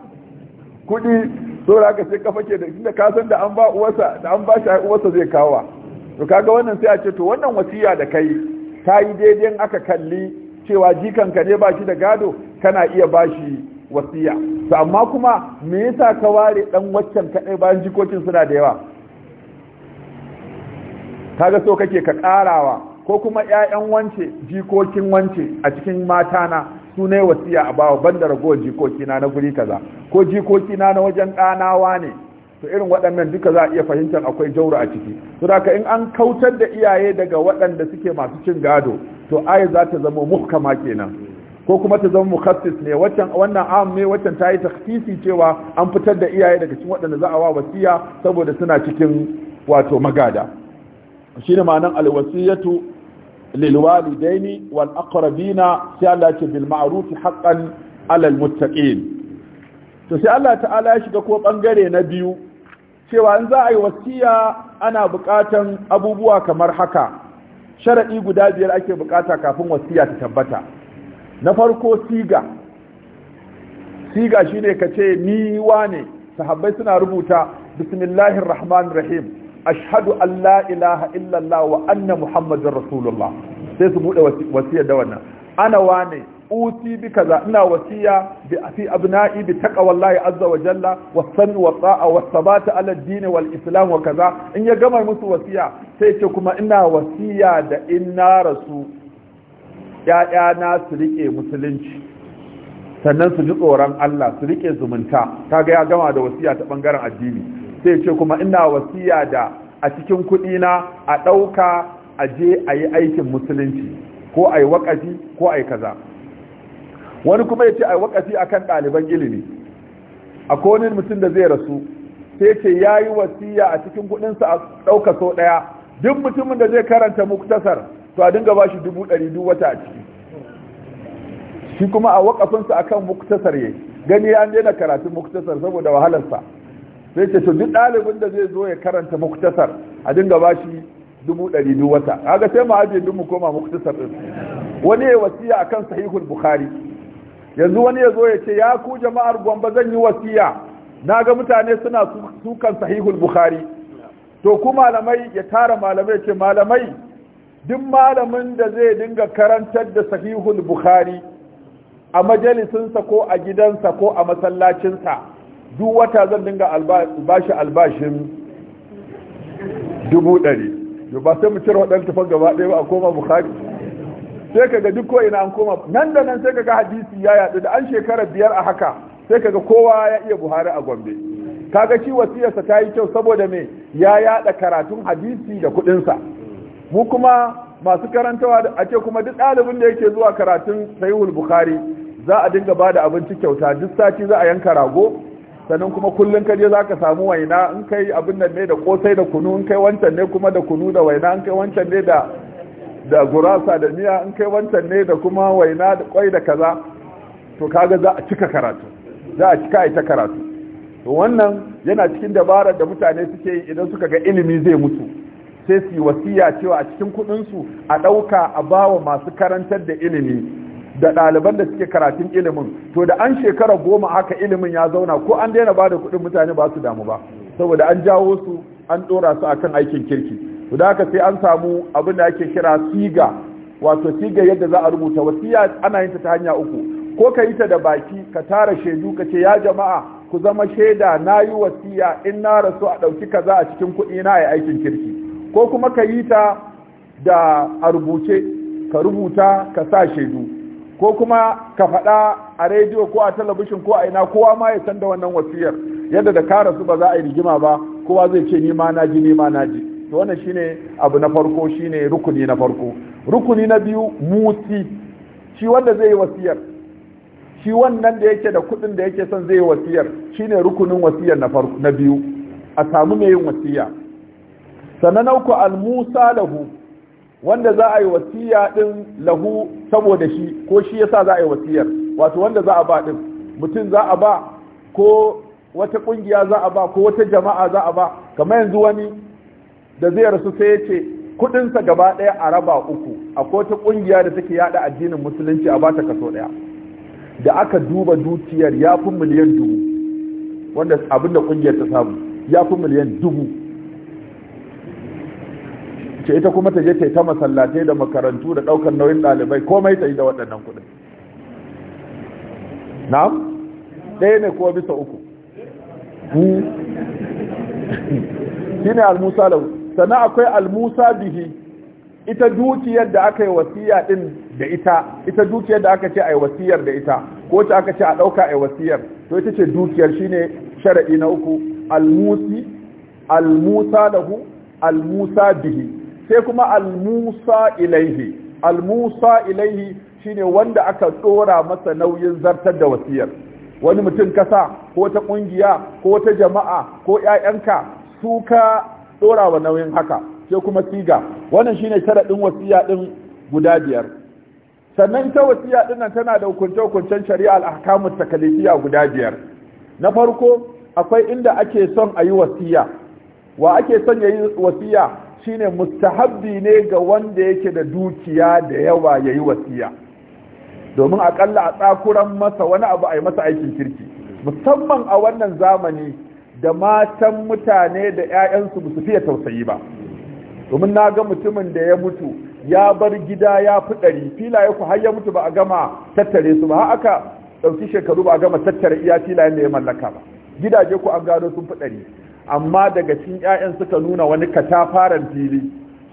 kudi saura ka ce kafa ke da inda ka san da an ba uwasa da an ba shi uwarsa zai kawo to kaga wannan sai a ce to wannan wasiya da kai ta yi daidai aka kalli cewa jikan ka ne ba shi da gado kana iya ba shi wasiya to amma kuma me yasa ka ware dan waccan kadai bayan jikokin suna da yawa kaga so kake ka karawa ko kuma ƴaƴan wance jikokin wance a cikin mata na su ne wasiya a bawa banda ragowar jikokina na guri kaza ko jikokina na wajen ɗanawa ne to irin waɗannan duka za a iya fahimtar akwai jaura a ciki to haka in an kautar da iyaye daga waɗanda suke masu cin gado to ai za ta zama muhkama kenan ko kuma ta zama mukhassis ne waccan wannan am ne waccan ta yi takhsisi cewa an fitar da iyaye daga cikin waɗanda za a wa wasiya saboda suna cikin wato magada shi ne ma'anan alwasiyatu lilwalidaini wal aqrabina sai Allah ce bil ma'ruf haqqan alal muttaqin to sai Allah ta'ala ya shiga ko bangare na biyu cewa in za a yi wasiya ana bukatan abubuwa kamar haka sharaɗi guda biyar ake bukata kafin wasiya ta tabbata na farko siga siga shine kace ni wane sahabbai suna rubuta bismillahir rahim Ashadu an la ilaha illallah wa anna muhammadar rasulullah sai su bude wasiyar da wannan ana wane uti bi kaza ina wasiya bi fi abna'i bi taqwallahi azza wa jalla wasan wa ta'a wa sabat ala ad-din wal islam wa kaza in ya gama musu wasiya sai ce kuma ina wasiya da inna rasu ƴaƴana su rike musulunci sannan su ji tsoron Allah su rike zumunta kaga ya gama da wasiya ta bangaren addini sai ce kuma ina wasiya da a cikin kuɗi na a ɗauka a je a yi aikin musulunci ko a yi ko a yi kaza wani kuma ya ce a yi akan a kan ɗaliban ilimi a konin mutum da zai rasu sai ce ya yi wasiya a cikin kuɗinsa a ɗauka sau ɗaya duk mutumin da zai karanta muktasar to a dinga ba shi dubu ɗari duk wata a ciki shi kuma a wakafinsa akan muktasar ya gani ya daina karatun muktasar saboda wahalarsa sai ce to duk ɗalibin da zai zo ya karanta muktasar a dinga ba shi dubu ɗari duk wata kaga sai mu ajiye duk mu koma muktasar ɗin wani ya wasiya akan sahihul bukhari yanzu wani ya zo ya ce ya ku jama'ar gwamba zan yi wasiya na ga mutane suna sukan sahihul bukhari to ku malamai ya tara malamai ce malamai duk malamin da zai dinga karantar da sahihul bukhari a majalisinsa ko a gidansa ko a masallacinsa duk wata zan dinga bashi albashin dubu ɗari yau ba sai mu cire waɗanda tafan gaba ɗaya ba a koma bukari sai ka ga duk ko ina an koma nan da nan sai ka ga hadisi ya yaɗu da an shekara biyar a haka sai ka ga kowa ya iya buhari a gombe kaga shi wasiyarsa ta yi kyau saboda me ya yaɗa karatun hadisi da kuɗinsa mu kuma masu karantawa a ce kuma duk ɗalibin da yake zuwa karatun sayuhul bukari za a dinga ba da abinci kyauta duk sati za a yanka rago sannan kuma kullum kaje za ka samu waina in kai abin nan ne da kosai da kunu in kai wancan ne kuma da kunu da waina in kai wancan ne da da gurasa da miya in kai wancan ne da kuma waina da kwai da kaza to kaga za a cika karatu za a cika ita karatu to wannan yana cikin dabarar da mutane suke yi idan suka ga ilimi zai mutu sai su yi wasiya cewa a cikin kudin su a dauka a bawa masu karantar da ilimi da ɗaliban da suke karatun ilimin to da an shekara goma haka ilimin ya zauna ko an daina ba da kuɗin mutane ba su damu ba saboda an jawo su an ɗora su akan aikin kirki to da haka sai an samu abin da ake kira siga wato siga yadda za a rubuta wasiya ana yin ta ta hanya uku ko ka yi ta da baki ka tara shaidu ka ce ya jama'a ku zama shaida na yi wasiya in na rasu a ɗauki kaza a cikin kuɗi na a aikin kirki ko kuma ka yi ta da a rubuce ka rubuta ka sa shaidu ko kuma ka faɗa a rediyo ko a talabishin ko a ina kowa ma ya san da wannan wasiyar yadda da kara su ba za a yi rigima ba kowa zai ce ni ma na ji ni ma na ji to wannan shine abu na farko shine rukuni na farko rukuni na biyu muti shi wanda zai yi wasiyar shi wannan da yake da kudin da yake son zai yi wasiyar shine rukunin wasiyar na farko na biyu a samu mai yin wasiya sannan na uku al-musa lahu wanda za a yi wasiya din lahu saboda shi ko shi yasa za a yi wasiyar wato wanda za a ba din mutum za a ba ko wata kungiya za a ba ko wata jama'a za a ba kamar yanzu wani da zai rasu sai ya ce sa gaba ɗaya a raba uku akwai wata kungiya da take yada addinin musulunci a bata kaso ɗaya da aka duba dukiyar ya miliyan dubu wanda abinda kungiyar ta samu yafi miliyan dubu ce ita kuma ta je ta yi ta masallatai da makarantu da daukar nauyin dalibai komai ta yi da waɗannan kuɗi. na'am ɗaya ne ko bisa uku hmm. Shi ne almusa da sana akwai almusa bihi ita dukiyar da aka yi wasiya ɗin da ita ita dukiyar da aka ce a yi wasiyar da ita ko ta aka ce a dauka yi wasiyar to ita ce dukiyar shi ne shara'i na uku almusi almusa da hu, almusa bihi sai kuma al-musa ilaihi al-musa ilaihi shine wanda aka tsora masa nauyin zartar da wasiyar wani mutum kasa ko ta kungiya ko ta jama'a ko ƴaƴanka su ka tsora wa nauyin haka sai kuma siga wannan shine sharadin wasiya din guda biyar sannan ta wasiya din nan tana da hukunce hukuncen shari'a al-ahkamu takalifiya guda biyar na farko akwai inda ake son a yi wasiya wa ake son ya yi wasiya shine mustahabbi ne ga wanda yake da dukiya da yawa yayi wasiya domin akalla a tsakuran masa wani abu a yi masa aikin kirki musamman a wannan zamani da matan mutane da 'ya'yansu ba su fiye tausayi ba domin na ga mutumin da ya mutu ya bar gida ya fi ɗari filaye ku har ya mutu ba a gama tattare su ba har aka ɗauki shekaru ba a gama tattare iya filayen da ya mallaka ba gidaje ku an gano sun fi ɗari amma daga cikin ƴaƴan suka nuna wani katafaren fili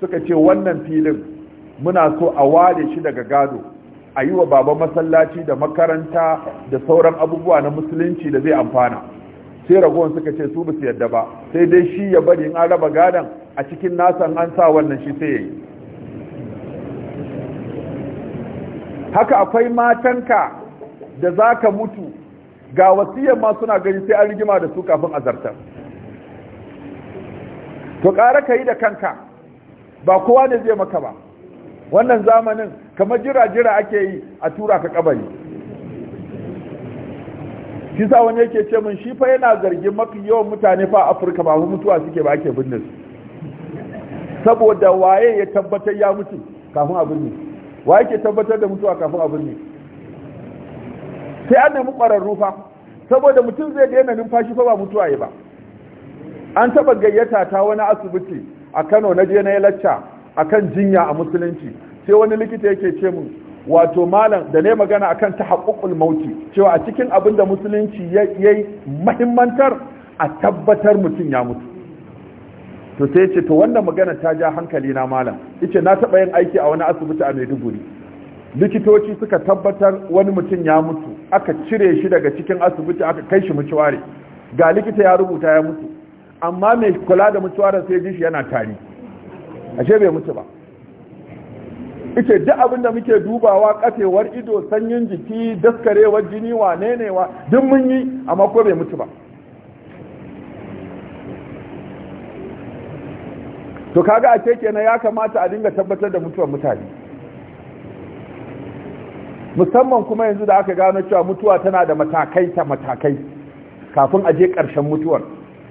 suka ce wannan filin muna so a ware shi daga gado a yi wa baba masallaci da makaranta da sauran abubuwa na musulunci da zai amfana sai ragowar suka ce su basu yadda ba sai dai shi ya bari in an raba gadon a cikin nasan an sa wannan shi sai ya haka akwai matanka da za ka mutu ga wasiyar ma suna gani sai an rigima da su kafin azartar to ƙara ka yi da kanka ba kowa ne zai maka ba wannan zamanin kamar jira-jira ake yi a tura ka ƙabari shi sa wani yake ce min shi fa yana zargin mafi yawan mutane fa afirka ba mutuwa suke ba ake binne su saboda waye ya tabbatar ya mutu kafin abin ne waye ke tabbatar da mutuwa kafin abin ne sai an nemi ƙwararru fa saboda mutum zai daina numfashi fa ba mutuwa ya ba an taɓa gayyata ta wani asibiti a Kano na je na yi lacca akan jinya a musulunci sai wani likita yake ce mu wato malam da ne magana akan haƙuƙul mauti cewa a cikin abin da musulunci ya yi mahimmantar a tabbatar mutum ya mutu to sai ce to wannan magana ta ja hankali na malam yace na taɓa yin aiki a wani asibiti a Maiduguri likitoci suka tabbatar wani mutum ya mutu aka cire shi daga cikin asibiti aka kai shi mutuware ga likita ya rubuta ya mutu amma mai kula da mutuwa da sai shi yana tari ashe bai mutu ba ita duk abin da muke dubawa kafewar ido sanyin jiki daskarewar jini wa nenewa duk mun yi amma ko bai mutu ba to kaga a kenan ya kamata a dinga tabbatar da mutuwar mutane musamman kuma yanzu da aka gano cewa mutuwa tana da matakai ta matakai kafin a je ƙarshen mutuwar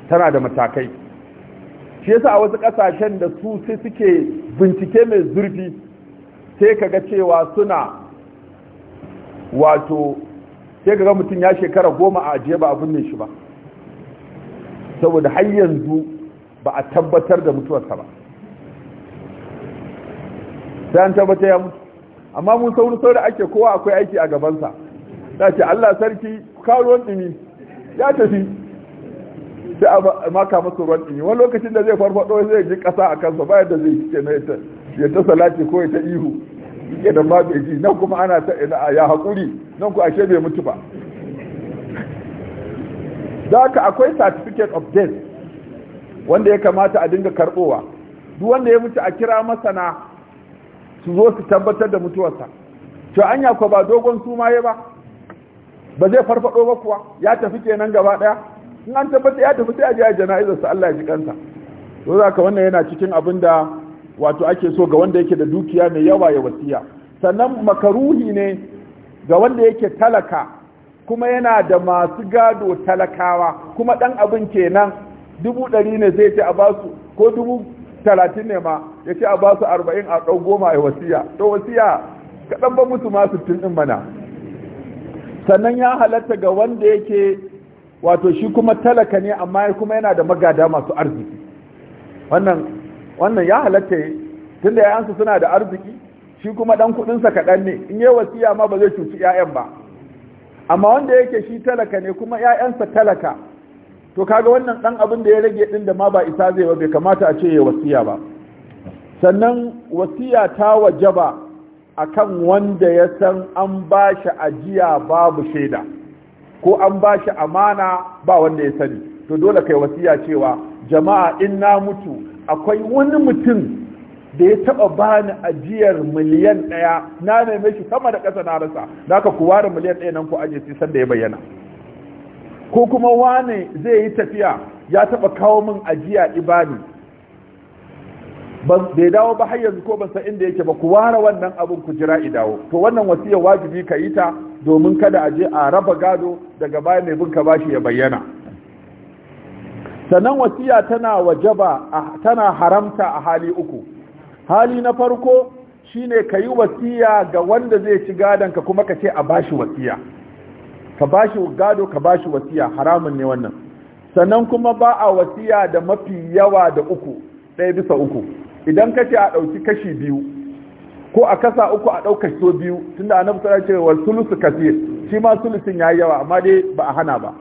tana da matakai shi yasa a wasu kasashen da su sai suke bincike mai zurfi sai kaga cewa suna wato sai kaga mutum ya shekara goma a ajiye ba abin ne shi ba saboda har yanzu ba a tabbatar da mutuwarsa ba sai an tabbatar ya mutu amma mun sauri sauri ake kowa akwai aiki a gabansa da ce Allah sarki karuwan ɗumi ya tafi sai a maka masa ruwan ɗini wani lokacin da zai farfaɗo zai ji ƙasa a kansa ba yadda zai ce na ya ta salati ko ya ta ihu ya da ma bai ji nan kuma ana ta ina ya haƙuri nan ku ashe bai mutu ba da haka akwai certificate of death wanda ya kamata a dinga karɓowa duk wanda ya mutu a kira masana su zo su tabbatar da mutuwarsa to anya ko ba dogon suma ya ba ba zai farfaɗo ba kuwa ya tafi kenan gaba ɗaya in an tabbata ya tafi sai a je a jana'izar sa Allah ya ji kansa to zaka wannan yana cikin abin da wato ake so ga wanda yake da dukiya mai yawa ya wasiya sannan makaruhi ne ga wanda yake talaka kuma yana da masu gado talakawa kuma dan abin kenan dubu ɗari ne zai ce a basu ko dubu talatin ne ma ya ce a basu arba'in a ɗau goma a wasiya to wasiya kaɗan ba musu ma tun ɗin mana sannan ya halatta ga wanda yake wato shi kuma talaka ne amma kuma yana da magada masu arziki wannan wannan ya halatta tunda yayansu suna da arziki shi kuma dan kudinsa kaɗan ne in yi wasiya ma ba zai cuci 'ya'yan ba amma wanda yake shi talaka ne kuma 'ya'yansa talaka to kaga wannan dan abin da ya rage din da ma ba isa zai ba bai kamata a ce ya wasiya ba sannan wasiya ta wajaba akan wanda ya san an ba shi ajiya babu shaida ko an ba shi amana ba wanda ya sani to dole kai wasiya cewa jama'a in na mutu akwai wani mutum da ya taba bani ajiyar miliyan ɗaya na neme shi sama da ƙasa na rasa naka ku ware miliyan ɗaya nan ku aje sai sanda ya bayyana ko kuma wane zai yi tafiya ya taba kawo min ajiya ibani bai dawo ba har yanzu ko ban san inda yake ba ku ware wannan abin ku jira i dawo to wannan wasiyar wajibi ka yi ta domin kada a je a raba gado daga baya mai bin ka bashi ya bayyana sannan wasiya tana wajaba tana haramta a hali uku hali na farko shine kayi wasiya ga wanda zai ci gadon ka kuma ka ce a bashi wasiya ka bashi gado ka bashi wasiya haramun ne wannan sannan kuma ba a wasiya da mafi yawa da uku ɗaya bisa uku idan ka ce a ɗauki kashi biyu ko a kasa uku a ɗaukar so biyu tunda annabi sallallahu alaihi wasallam sulusu kafir shi ma sulusin yayi yawa amma dai ba a hana ba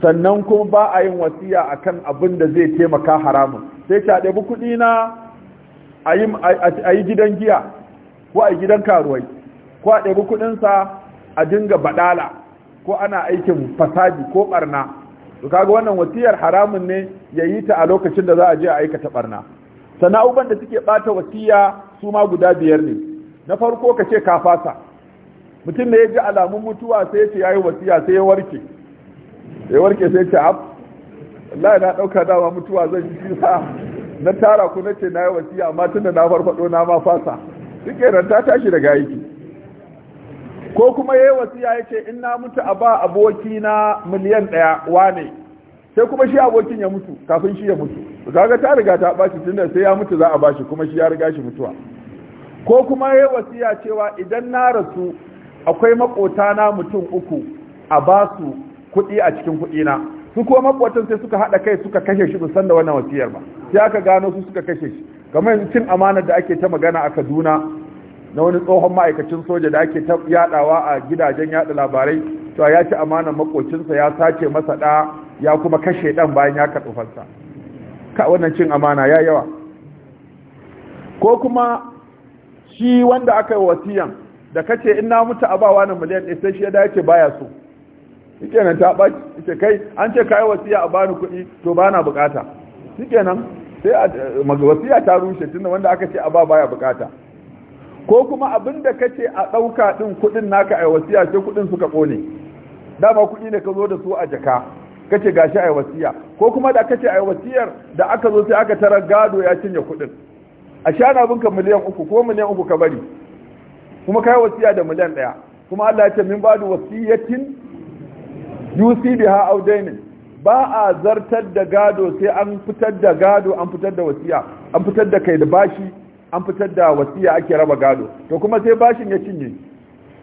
sannan kuma ba a yin wasiya akan abin da zai taimaka haramun sai ta ɗabi kuɗi na a yi gidan giya ko a yi gidan karuwai ko a ɗabi kuɗinsa a dinga baɗala ko ana aikin fasadi ko ɓarna to kaga wannan wasiyar haramun ne ya yi ta a lokacin da za a je a aikata ɓarna sana'uban da suke ɓata wasiya su ma guda biyar ne na farko ka ce ka fasa mutum ne ya ji alamun mutuwa sai ce ya yi wasiya sai ya warke ya warke sai ce ab Allah na ɗauka dama mutuwa zan yi sa na tara ku na ce na yi wasiya amma tun da na farfaɗo na ma fasa duk yaran ta tashi daga aiki ko kuma ya yi wasiya ya ce in na mutu a ba abokina miliyan ɗaya wane sai kuma shi abokin ya mutu kafin shi ya mutu ga ta riga ta bashi tunda sai ya mutu za a bashi kuma shi ya riga shi mutuwa ko kuma ya wasiya cewa idan na rasu akwai makota na mutum uku a ba su kuɗi a cikin kuɗi na su kuma makotan sai suka haɗa kai suka kashe shi san da wannan wasiyar ba sai aka gano su suka kashe shi kamar cin amanar da ake ta magana a Kaduna na wani tsohon ma'aikacin soja da ake ta yadawa a gidajen yada labarai to ya ci amanar makocinsa ya sace masa ɗa ya kuma kashe dan bayan ya karɓi fansa ka wannan cin amana ya yawa ko kuma shi wanda aka yi wasiyan da kace in na mutu abawa na miliyan ɗaya sai shi ya dace baya so nan ta ɓaci ita kai an ce kai wasiya a bani kuɗi to ba na bukata nan sai wasiya ta rushe tunda wanda aka ce a ba baya bukata ko kuma abin da kace a ɗauka ɗin kuɗin naka a wasiya sai kuɗin suka ƙone dama kuɗi ne ka zo da su a jaka kace gashi ai wasiya ko kuma da kace ai wasiyar da aka zo sai aka tarar gado ya cinye kuɗin a sha na binka miliyan uku ko miliyan uku ka bari kuma kai wasiya da miliyan ɗaya kuma Allah ya ce min badu wasiyatin yusi biha aw ba a zartar da gado sai an fitar da gado an fitar da wasiya an fitar da kai da bashi an fitar da wasiya ake raba gado to kuma sai bashin ya cinye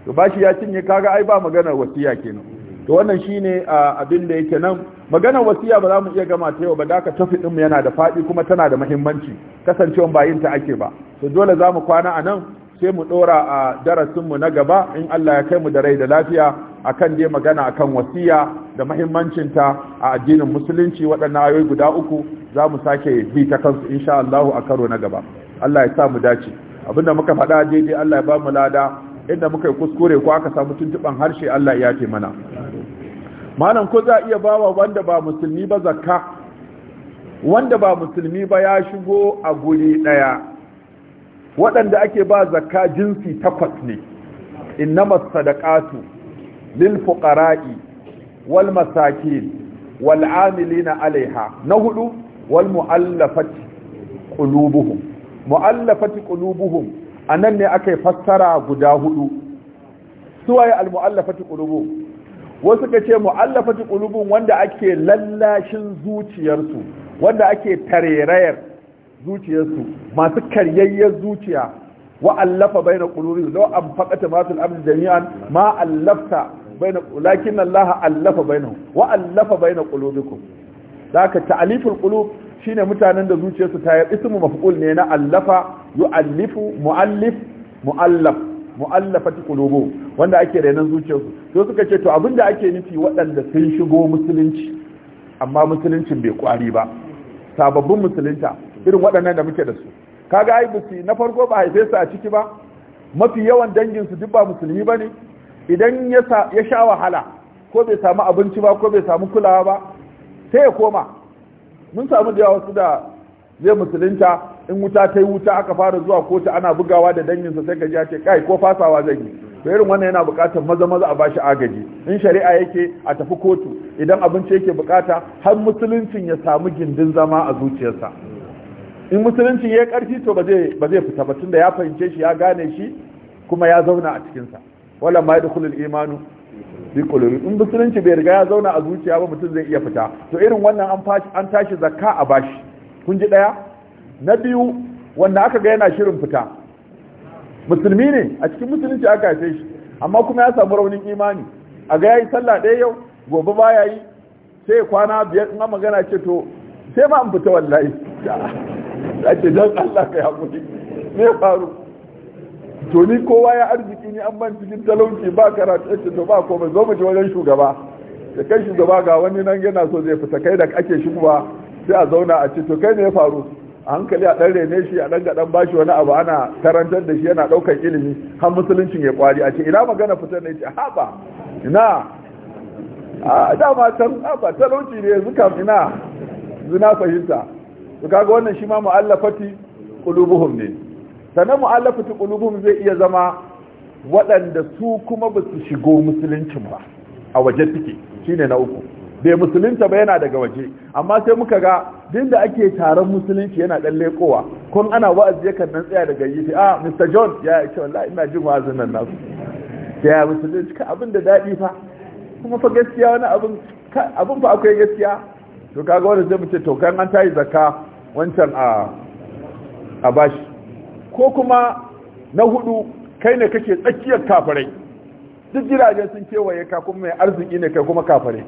to bashi ya cinye kaga ai ba maganar wasiya kenan to wannan shine abin da yake nan magana wasiya ba za mu iya gama ta yau ba da ka tafi din yana da faɗi kuma tana da muhimmanci kasancewa ba yin ta ake ba to dole za mu kwana a nan sai mu ɗora a darasin mu na gaba in Allah ya kai mu da rai da lafiya akan dai magana akan wasiya da muhimmancin ta a addinin musulunci waɗannan ayoyi guda uku za mu sake bi ta kansu insha Allah a karo na gaba Allah ya sa mu dace abinda muka faɗa daidai Allah ya ba mu lada inda muka yi kuskure ko aka samu tuntuban harshe Allah ya ce mana malam ko za iya bawa wanda ba musulmi ba zakka wanda ba musulmi ba ya shigo a guri daya waɗanda ake ba zakka jinsi takwas ne innamas sadaqatu lil fuqara'i wal masakin wal amilina alaiha na hudu wal muallafati qulubuhum muallafati qulubuhum a nan ne aka yi fassara guda hudu suwaye al-mu'allafati qulubu wasu ka ce mu'allafati qulubun wanda ake lallashin zuciyarsu wanda ake tarerayar zuciyarsu masu karyayyar zuciya wa allafa baina qulubihim law an faqata ma fil amri jami'an ma allafta baina lakin Allah allafa bainahum wa allafa baina qulubikum zaka ta'aliful shi ne mutanen da zuciyarsu ta yi ismu maf'ul ne na allafa yu'allifu mu'allif mu'allaf mu'allafati qulubu wanda ake da renan zuciyarsu to suka ce to abinda ake nufi waɗanda sun shigo musulunci amma musuluncin bai kwari ba sababbin musulunta irin waɗannan da muke da su kaga ai bisi na farko ba haife su a ciki ba mafi yawan dangin su duk ba musulmi bane idan ya ya sha wahala ko bai samu abinci ba ko bai samu kulawa ba sai ya koma mun samu da wasu da zai musulunta in wuta ta yi wuta aka fara zuwa ta ana bugawa da danginsa sai ka ji ce kai ko fasawa zai yi to irin wannan yana bukatar maza maza a bashi agaji in shari'a yake a tafi kotu idan abinci yake bukata har musuluncin ya samu gindin zama a zuciyarsa in musulunci ya karfi to ba zai fita ba tunda ya fahimce shi ya gane shi kuma ya zauna a cikinsa wala ma yadkhulul imanu bi kulli in musulunci bai riga ya zauna a zuciya ba mutum zai iya fita to irin wannan an tashi zakka a bashi kun ji ɗaya na biyu wanda aka ga yana shirin fita musulmi ne a cikin musulunci aka haife shi amma kuma ya samu raunin imani a ga yayi sallah ɗaya yau gobe ya yi sai kwana biyar in magana ce to sai ma an fita wallahi a ce don Allah kai hakuri ne faru to ni kowa ya arziki ni an ban cikin talauci ba karatu ce to ba komai zo mu je wajen shugaba da kai shugaba ga wani nan yana so zai fita kai da ake shigowa sai a zauna a ce to kai ne ya faru a hankali a ɗan rene shi a ɗan ga ɗan bashi wani abu ana karantar da shi yana ɗaukar ilimi har musuluncin ya kwari a ce ina magana fitar ne ce haɓa ina a dama can haɓa talauci ne yanzu kam ina zina fahimta to kaga wannan shi ma mu'allafati qulubuhum ne sannan mu'allafati qulubuhum zai iya zama waɗanda su kuma ba su shigo musuluncin ba a waje suke shine na uku bai musulunta ba yana daga waje amma sai muka ga din da ake taron musulunci yana dan lekowa kun ana wa'azi yakan nan tsaya daga yi ah Mr John ya ce wallahi ina jin wa'azin nan nasu ya musulunci ka abin da dadi fa kuma fa gaskiya wani abin abin fa akwai gaskiya to kaga wani zai mutu to kan an tayi zakka wancan a a bashi ko kuma na hudu kai ne kake tsakiyar kafirai duk jiragen sun kewaye ka kuma mai arziki ne kai kuma kafirai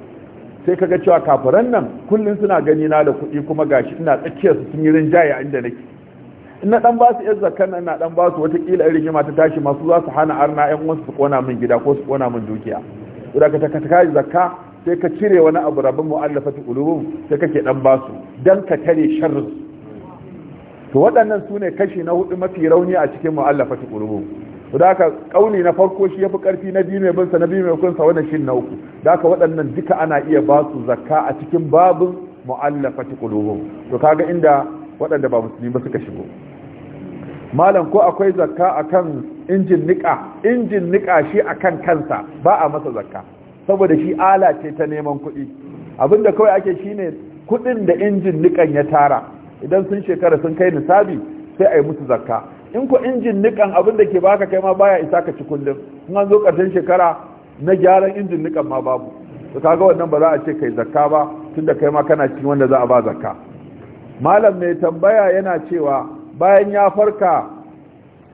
sai kaga cewa kafiran nan kullun suna gani na da kuɗi kuma gashi ina tsakiyar su sun yi rinjaye a inda nake in na dan ba su yar zakkan nan na dan ba su wata kila irin ta tashi masu za su hana arna yan uwansu su kona min gida ko su kona min dukiya idan ka taka taka zakka sai ka cire wani abu rabin mu'allafati ulubum sai kake dan ba su dan ka tare sharri to waɗannan sune kashi na hudu mafi rauni a cikin mu'allafati ulubum da kauli na farko shi yafi karfi na biyu mai binsa sa na biyu mai kun sa wannan shin na uku da waɗannan duka ana iya ba su zakka a cikin babin mu'allafati qulubuhum to kaga inda waɗanda ba musulmi ba suka shigo malam ko akwai zakka akan injin nika injin niƙa shi akan kansa ba a masa zakka saboda shi ala ce ta neman kuɗi abinda kawai ake shine kuɗin da injin nikan ya tara idan sun shekara sun kai nisabi sai a yi musu zakka in ku injin nikan abin da ke baka kai ma baya isa ka ci kullum in an zo ƙarshen shekara na gyaran injin nikan ma babu to kaga wannan ba za a ce kai zakka ba tunda kai ma kana cikin wanda za a ba zakka malam mai tambaya yana cewa bayan ya farka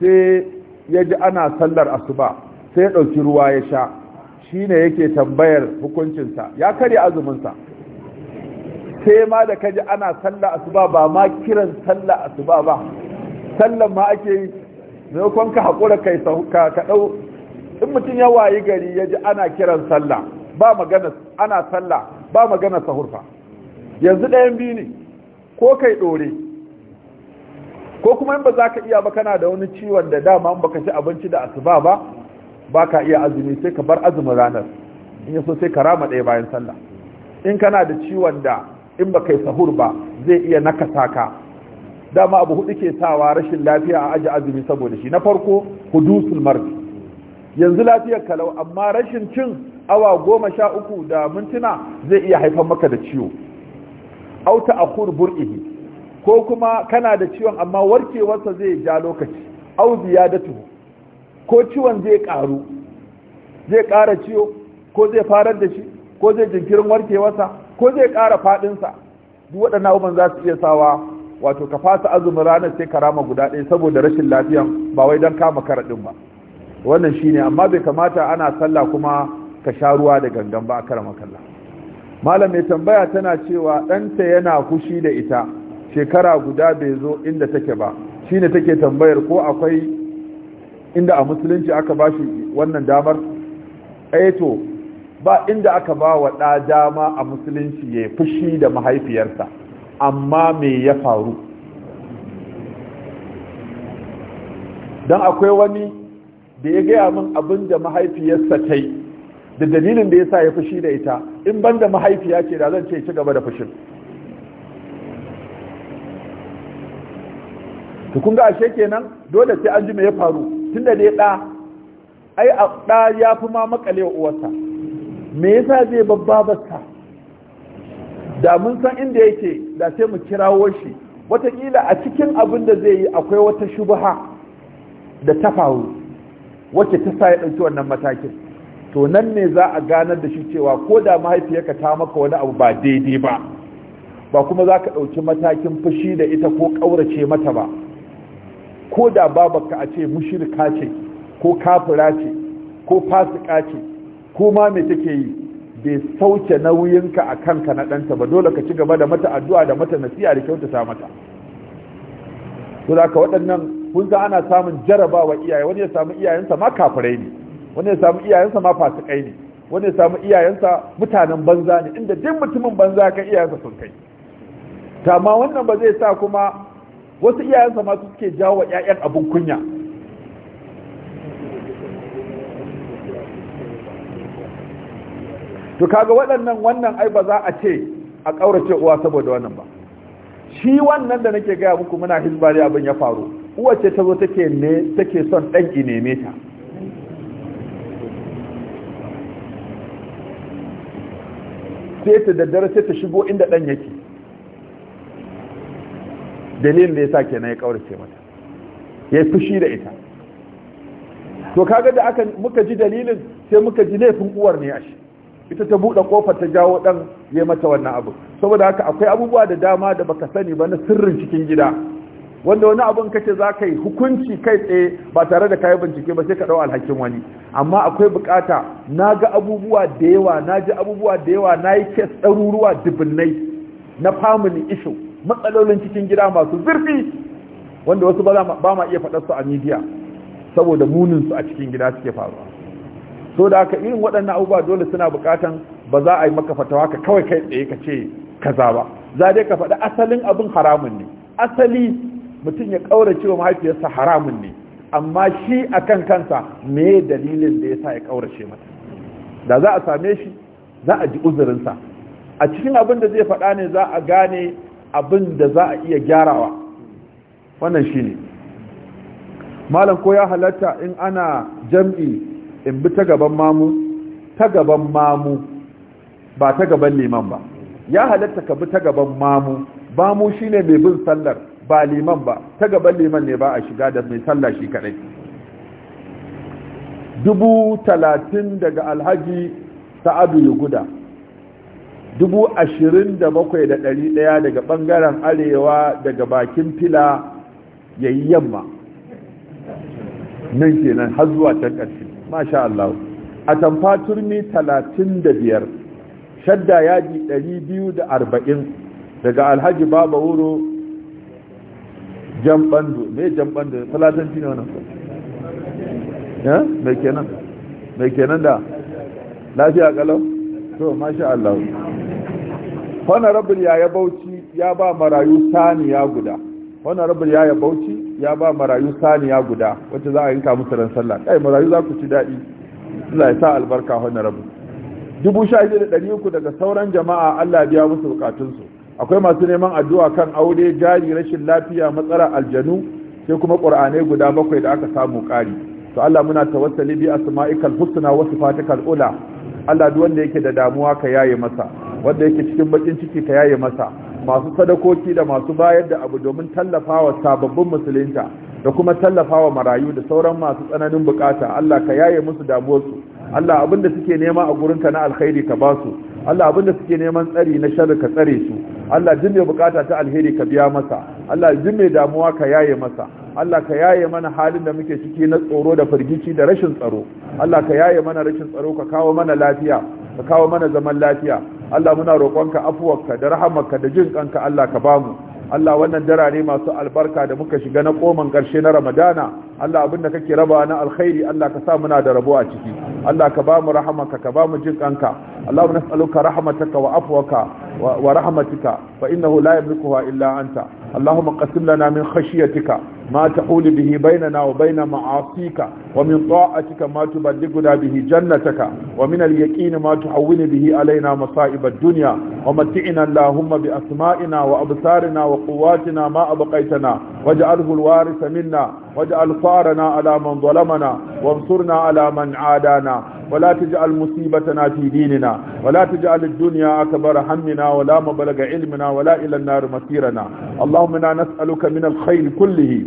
sai ya ji ana sallar asuba sai ya ɗauki ruwa ya sha shine yake tambayar hukuncinsa ya karya azuminsa sai ma da kaji ana sallar asuba ba ma kiran sallar asuba ba sallan ma ake yi maimakon ka haƙura kai ka ɗau in mutum ya wayi gari ya ji ana kiran sallah ba magana ana sallah ba magana sahurfa yanzu ɗayan biyu ne ko kai ɗore ko kuma in ba za ka iya ba kana da wani ciwon da dama in baka ci abinci da asuba ba ba ka iya azumi sai ka bar azumin ranar in yaso sai ka rama ɗaya bayan sallah in kana da ciwon da in baka yi sahur ba zai iya nakasa ka dama abu hudu ke sawa rashin lafiya a aji azumi saboda shi na farko hudusul marti yanzu lafiyar kalau amma rashin cin awa goma sha uku da mintuna zai iya haifar maka da ciwo auta akhur bur'ihi ko kuma kana da ciwon amma warkewarsa zai ja lokaci au ziyadatu ko ciwon zai karu zai kara ciwo ko zai farar da shi ko zai jinkirin warkewarsa ko zai kara faɗinsa duk waɗannan abubuwan za su iya sawa wato ka fasa azumin ranar sai ka rama guda ɗaya saboda rashin lafiyan ba wai don kama karaɗin ba wannan shi ne, amma bai kamata ana sallah kuma ka sha ruwa da gangan ba a kara makalla malam mai tambaya tana cewa ɗanta yana fushi da ita shekara guda bai zo inda take ba Shi ne take tambayar ko akwai inda a musulunci aka ba shi wannan damar eh to ba inda aka ba wa ɗa dama a musulunci ya fushi da mahaifiyarsa amma me ya faru don akwai wani da ya gaya min abin da mahaifiyarsa ta yi da dalilin da ya sa ya fushi da ita in ban da mahaifiya ce da zan ce ci gaba da fushin kun ga ashe kenan dole sai an ji me ya faru tunda dai ɗa ai a ɗa ya fi ma makalewa uwarsa me yasa zai babba basta da mun san inda yake da sai mu kirawo shi watakila a cikin abin da zai yi akwai wata shubha da ta faru wacce ta sa ya ɗauki wannan matakin to nan ne za a ganar da shi cewa ko da mahaifiyarka ta maka wani abu ba daidai ba ba kuma za ka ɗauki matakin fushi da ita ko ƙaurace mata ba ko da babarka a ce mushirka ce ko kafira ce ko fasika ce ko ma me take yi bai sauke nauyinka a kanka na ɗanta ba dole ka ci gaba da mata addu'a da mata nasiya da kyautata mata to da ka waɗannan kun ga ana samun jarabawa iyaye wani ya samu iyayensa ma kafirai ne wani ya samu iyayensa ma fasikai ne wani ya samu iyayensa mutanen banza ne inda duk mutumin banza kan iyayensa sun kai ta ma wannan ba zai sa kuma wasu iyayensa ma suke jawo wa 'ya'yan abin kunya to kaga waɗannan wannan ai ba za a ce a ƙaurace uwa saboda wannan ba shi wannan da nake gaya muku muna hisbari abin ya faru uwa ce ta zo take ne take son ɗan ki neme ta sai ta daddare sai ta shigo inda ɗan yake dalilin da ya sa kenan ya ƙaurace mata ya yi fushi da ita to kaga da aka muka ji dalilin sai muka ji laifin uwar ne a shi ita ta buɗe kofar ta jawo ɗan ya mata wannan abu saboda haka akwai abubuwa da dama da baka sani ba na sirrin cikin gida wanda wani abun kace za ka yi hukunci kai tsaye ba tare da kayi bincike ba sai ka ɗau alhakin wani amma akwai bukata na ga abubuwa da yawa na ji abubuwa da yawa na yi kes ɗaruruwa dubunnai na family issue matsalolin cikin gida masu zurfi wanda wasu ba ma iya faɗar su a media saboda munin su a cikin gida suke faru. so da haka irin waɗannan abubuwa dole suna bukatan ba za a yi maka fatawa ka kawai kai tsaye ka ce kaza ba za dai ka faɗi asalin abin haramun ne asali mutum ya ƙaurace wa mahaifiyarsa haramun ne amma shi a kan kansa me dalilin da ya sa ya ƙaurace mata da za a same shi za a ji uzurinsa a cikin abin da zai faɗa ne za a gane abin da za a iya gyarawa wannan shi ne malam ko ya halatta in ana jam'i in bi ta gaban mamu ta gaban mamu ba ta gaban liman ba ya halatta ka bi ta gaban mamu bamu mu shine mai bin sallar ba liman ba ta gaban liman ne ba a shiga da mai sallar shi kadai dubu talatin daga alhaji sa'adu ya guda dubu ashirin da bakwai da ɗari ɗaya daga ɓangaren arewa daga bakin fila ya yi yamma nan kenan har zuwa can ƙarshe masha Allah a tamfa turmi 35 shadda yaji 240 daga alhaji baba wuro jambandu me jambandu falatanci ne wannan ya eh? mai kenan me kenan da lafiya kalau to masha Allah honorable ya ya bauchi ya ba marayu saniya guda honorable ya ya bauchi ya ba marayu saniya guda wacce za a yi musu ran sallah ɗai marayu za ku ci daɗi Allah ya sa albarka wani rabu dubu sha da ɗari uku daga sauran jama'a Allah biya musu bukatunsu akwai masu neman addu'a kan aure jari rashin lafiya matsalar aljanu sai kuma ƙur'anai guda bakwai da aka samu ƙari to Allah muna tawassali bi asma'ikal husna wa sifatikal ula Allah duk wanda yake da damuwa ka yaye masa wanda yake cikin bakin ciki ka yaye masa masu sadakoki da masu bayar da abu domin tallafa wa sababbin musulunta da kuma tallafa wa marayu da sauran masu tsananin bukata Allah ka yaye musu damuwarsu Allah abinda suke nema a gurin ka na alkhairi ka ba su Allah abinda suke neman tsari na sharri ka tsare su Allah jin mai bukata ta alheri ka biya masa Allah jin mai damuwa ka yaye masa Allah ka yaye mana halin da muke ciki na tsoro da firgici da rashin tsaro Allah ka yaye mana rashin tsaro ka kawo mana lafiya ka kawo mana zaman lafiya Allah muna roƙonka afuwarka da rahamarka da jin kanka Allah ka bamu Allah wannan darare masu albarka da muka shiga na koman ƙarshe na Ramadana Allah abinda kake raba na alkhairi Allah ka sa muna da rabo a ciki Allah ka bamu rahamarka ka bamu jin kanka Allah nas'aluka rahmataka wa afwaka wa rahmatika fa innahu la yamlikuha illa anta اللهم قسم لنا من خشيتك ما تحول به بيننا وبين معاصيك ومن طاعتك ما تبلغنا به جنتك ومن اليقين ما تحول به علينا مصائب الدنيا ومتعنا اللهم بأسمائنا وأبصارنا وقواتنا ما أبقيتنا واجعله الوارث منا واجعل ثارنا على من ظلمنا وانصرنا على من عادانا ولا تجعل مصيبتنا في ديننا ولا تجعل الدنيا أكبر همنا ولا مبلغ علمنا ولا إلى النار مسيرنا اللهم إنا نسألك من الخير كله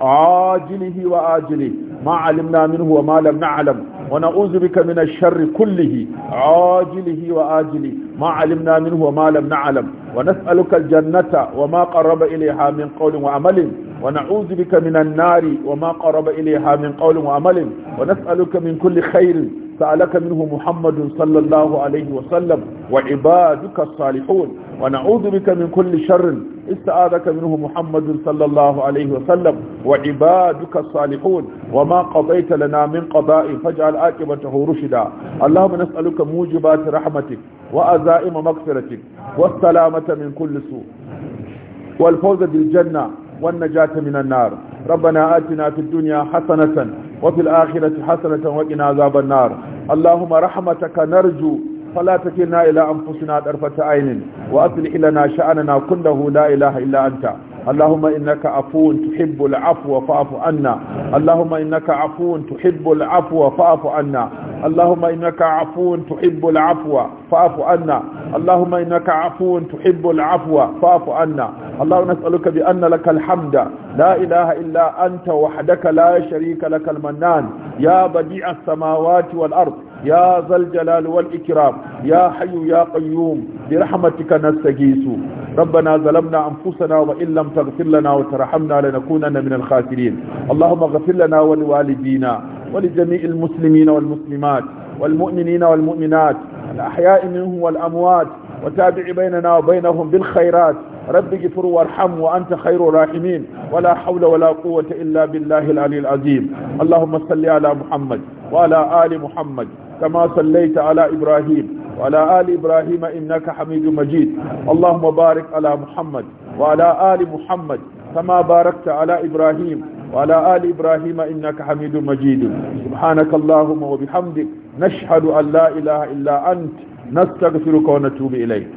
عاجله وآجله ما علمنا منه وما لم نعلم ونعوذ بك من الشر كله عاجله وآجله ما علمنا منه وما لم نعلم ونسألك الجنة وما قرب إليها من قول وعمل ونعوذ بك من النار وما قرب إليها من قول وعمل ونسألك من كل خير سألك منه محمد صلى الله عليه وسلم وعبادك الصالحون ونعوذ بك من كل شر استعاذك منه محمد صلى الله عليه وسلم وعبادك الصالحون وما قضيت لنا من قضاء فاجعل آكبته رشدا اللهم نسألك موجبات رحمتك وأزائم مغفرتك والسلامة من كل سوء والفوز بالجنة والنجاة من النار ربنا آتنا في الدنيا حسنة وفي الآخرة حسنة وقنا عذاب النار اللهم رحمتك نرجو فلا تكلنا إلى أنفسنا طرفة عين وأصلح لنا شأننا كله لا إله إلا أنت اللهم إنك عفو تحب العفو فاعف عنا اللهم إنك عفو تحب العفو فاعف عنا اللهم إنك عفو تحب العفو فاعف عنا اللهم إنك عفو تحب العفو فاعف عنا اللهم نسألك بأن لك الحمد لا إله إلا أنت وحدك لا شريك لك المنان يا بديع السماوات والأرض يا ذا الجلال والإكرام يا حي يا قيوم برحمتك نستغيث ربنا ظلمنا أنفسنا وإن لم تغفر لنا وترحمنا لنكونن من الخاسرين اللهم اغفر لنا ولوالدينا ولجميع المسلمين والمسلمات والمؤمنين والمؤمنات الأحياء منهم والأموات وتابع بيننا وبينهم بالخيرات رب اغفر وارحم وأنت خير الراحمين ولا حول ولا قوة إلا بالله العلي العظيم اللهم صل على محمد وعلى آل محمد كما صليت على إبراهيم وعلى آل إبراهيم إنك حميد مجيد اللهم بارك على محمد وعلى آل محمد كما باركت على إبراهيم وعلى آل إبراهيم إنك حميد مجيد سبحانك اللهم وبحمدك نشهد أن لا إله إلا أنت nastaghfiruka wa natubu ilayk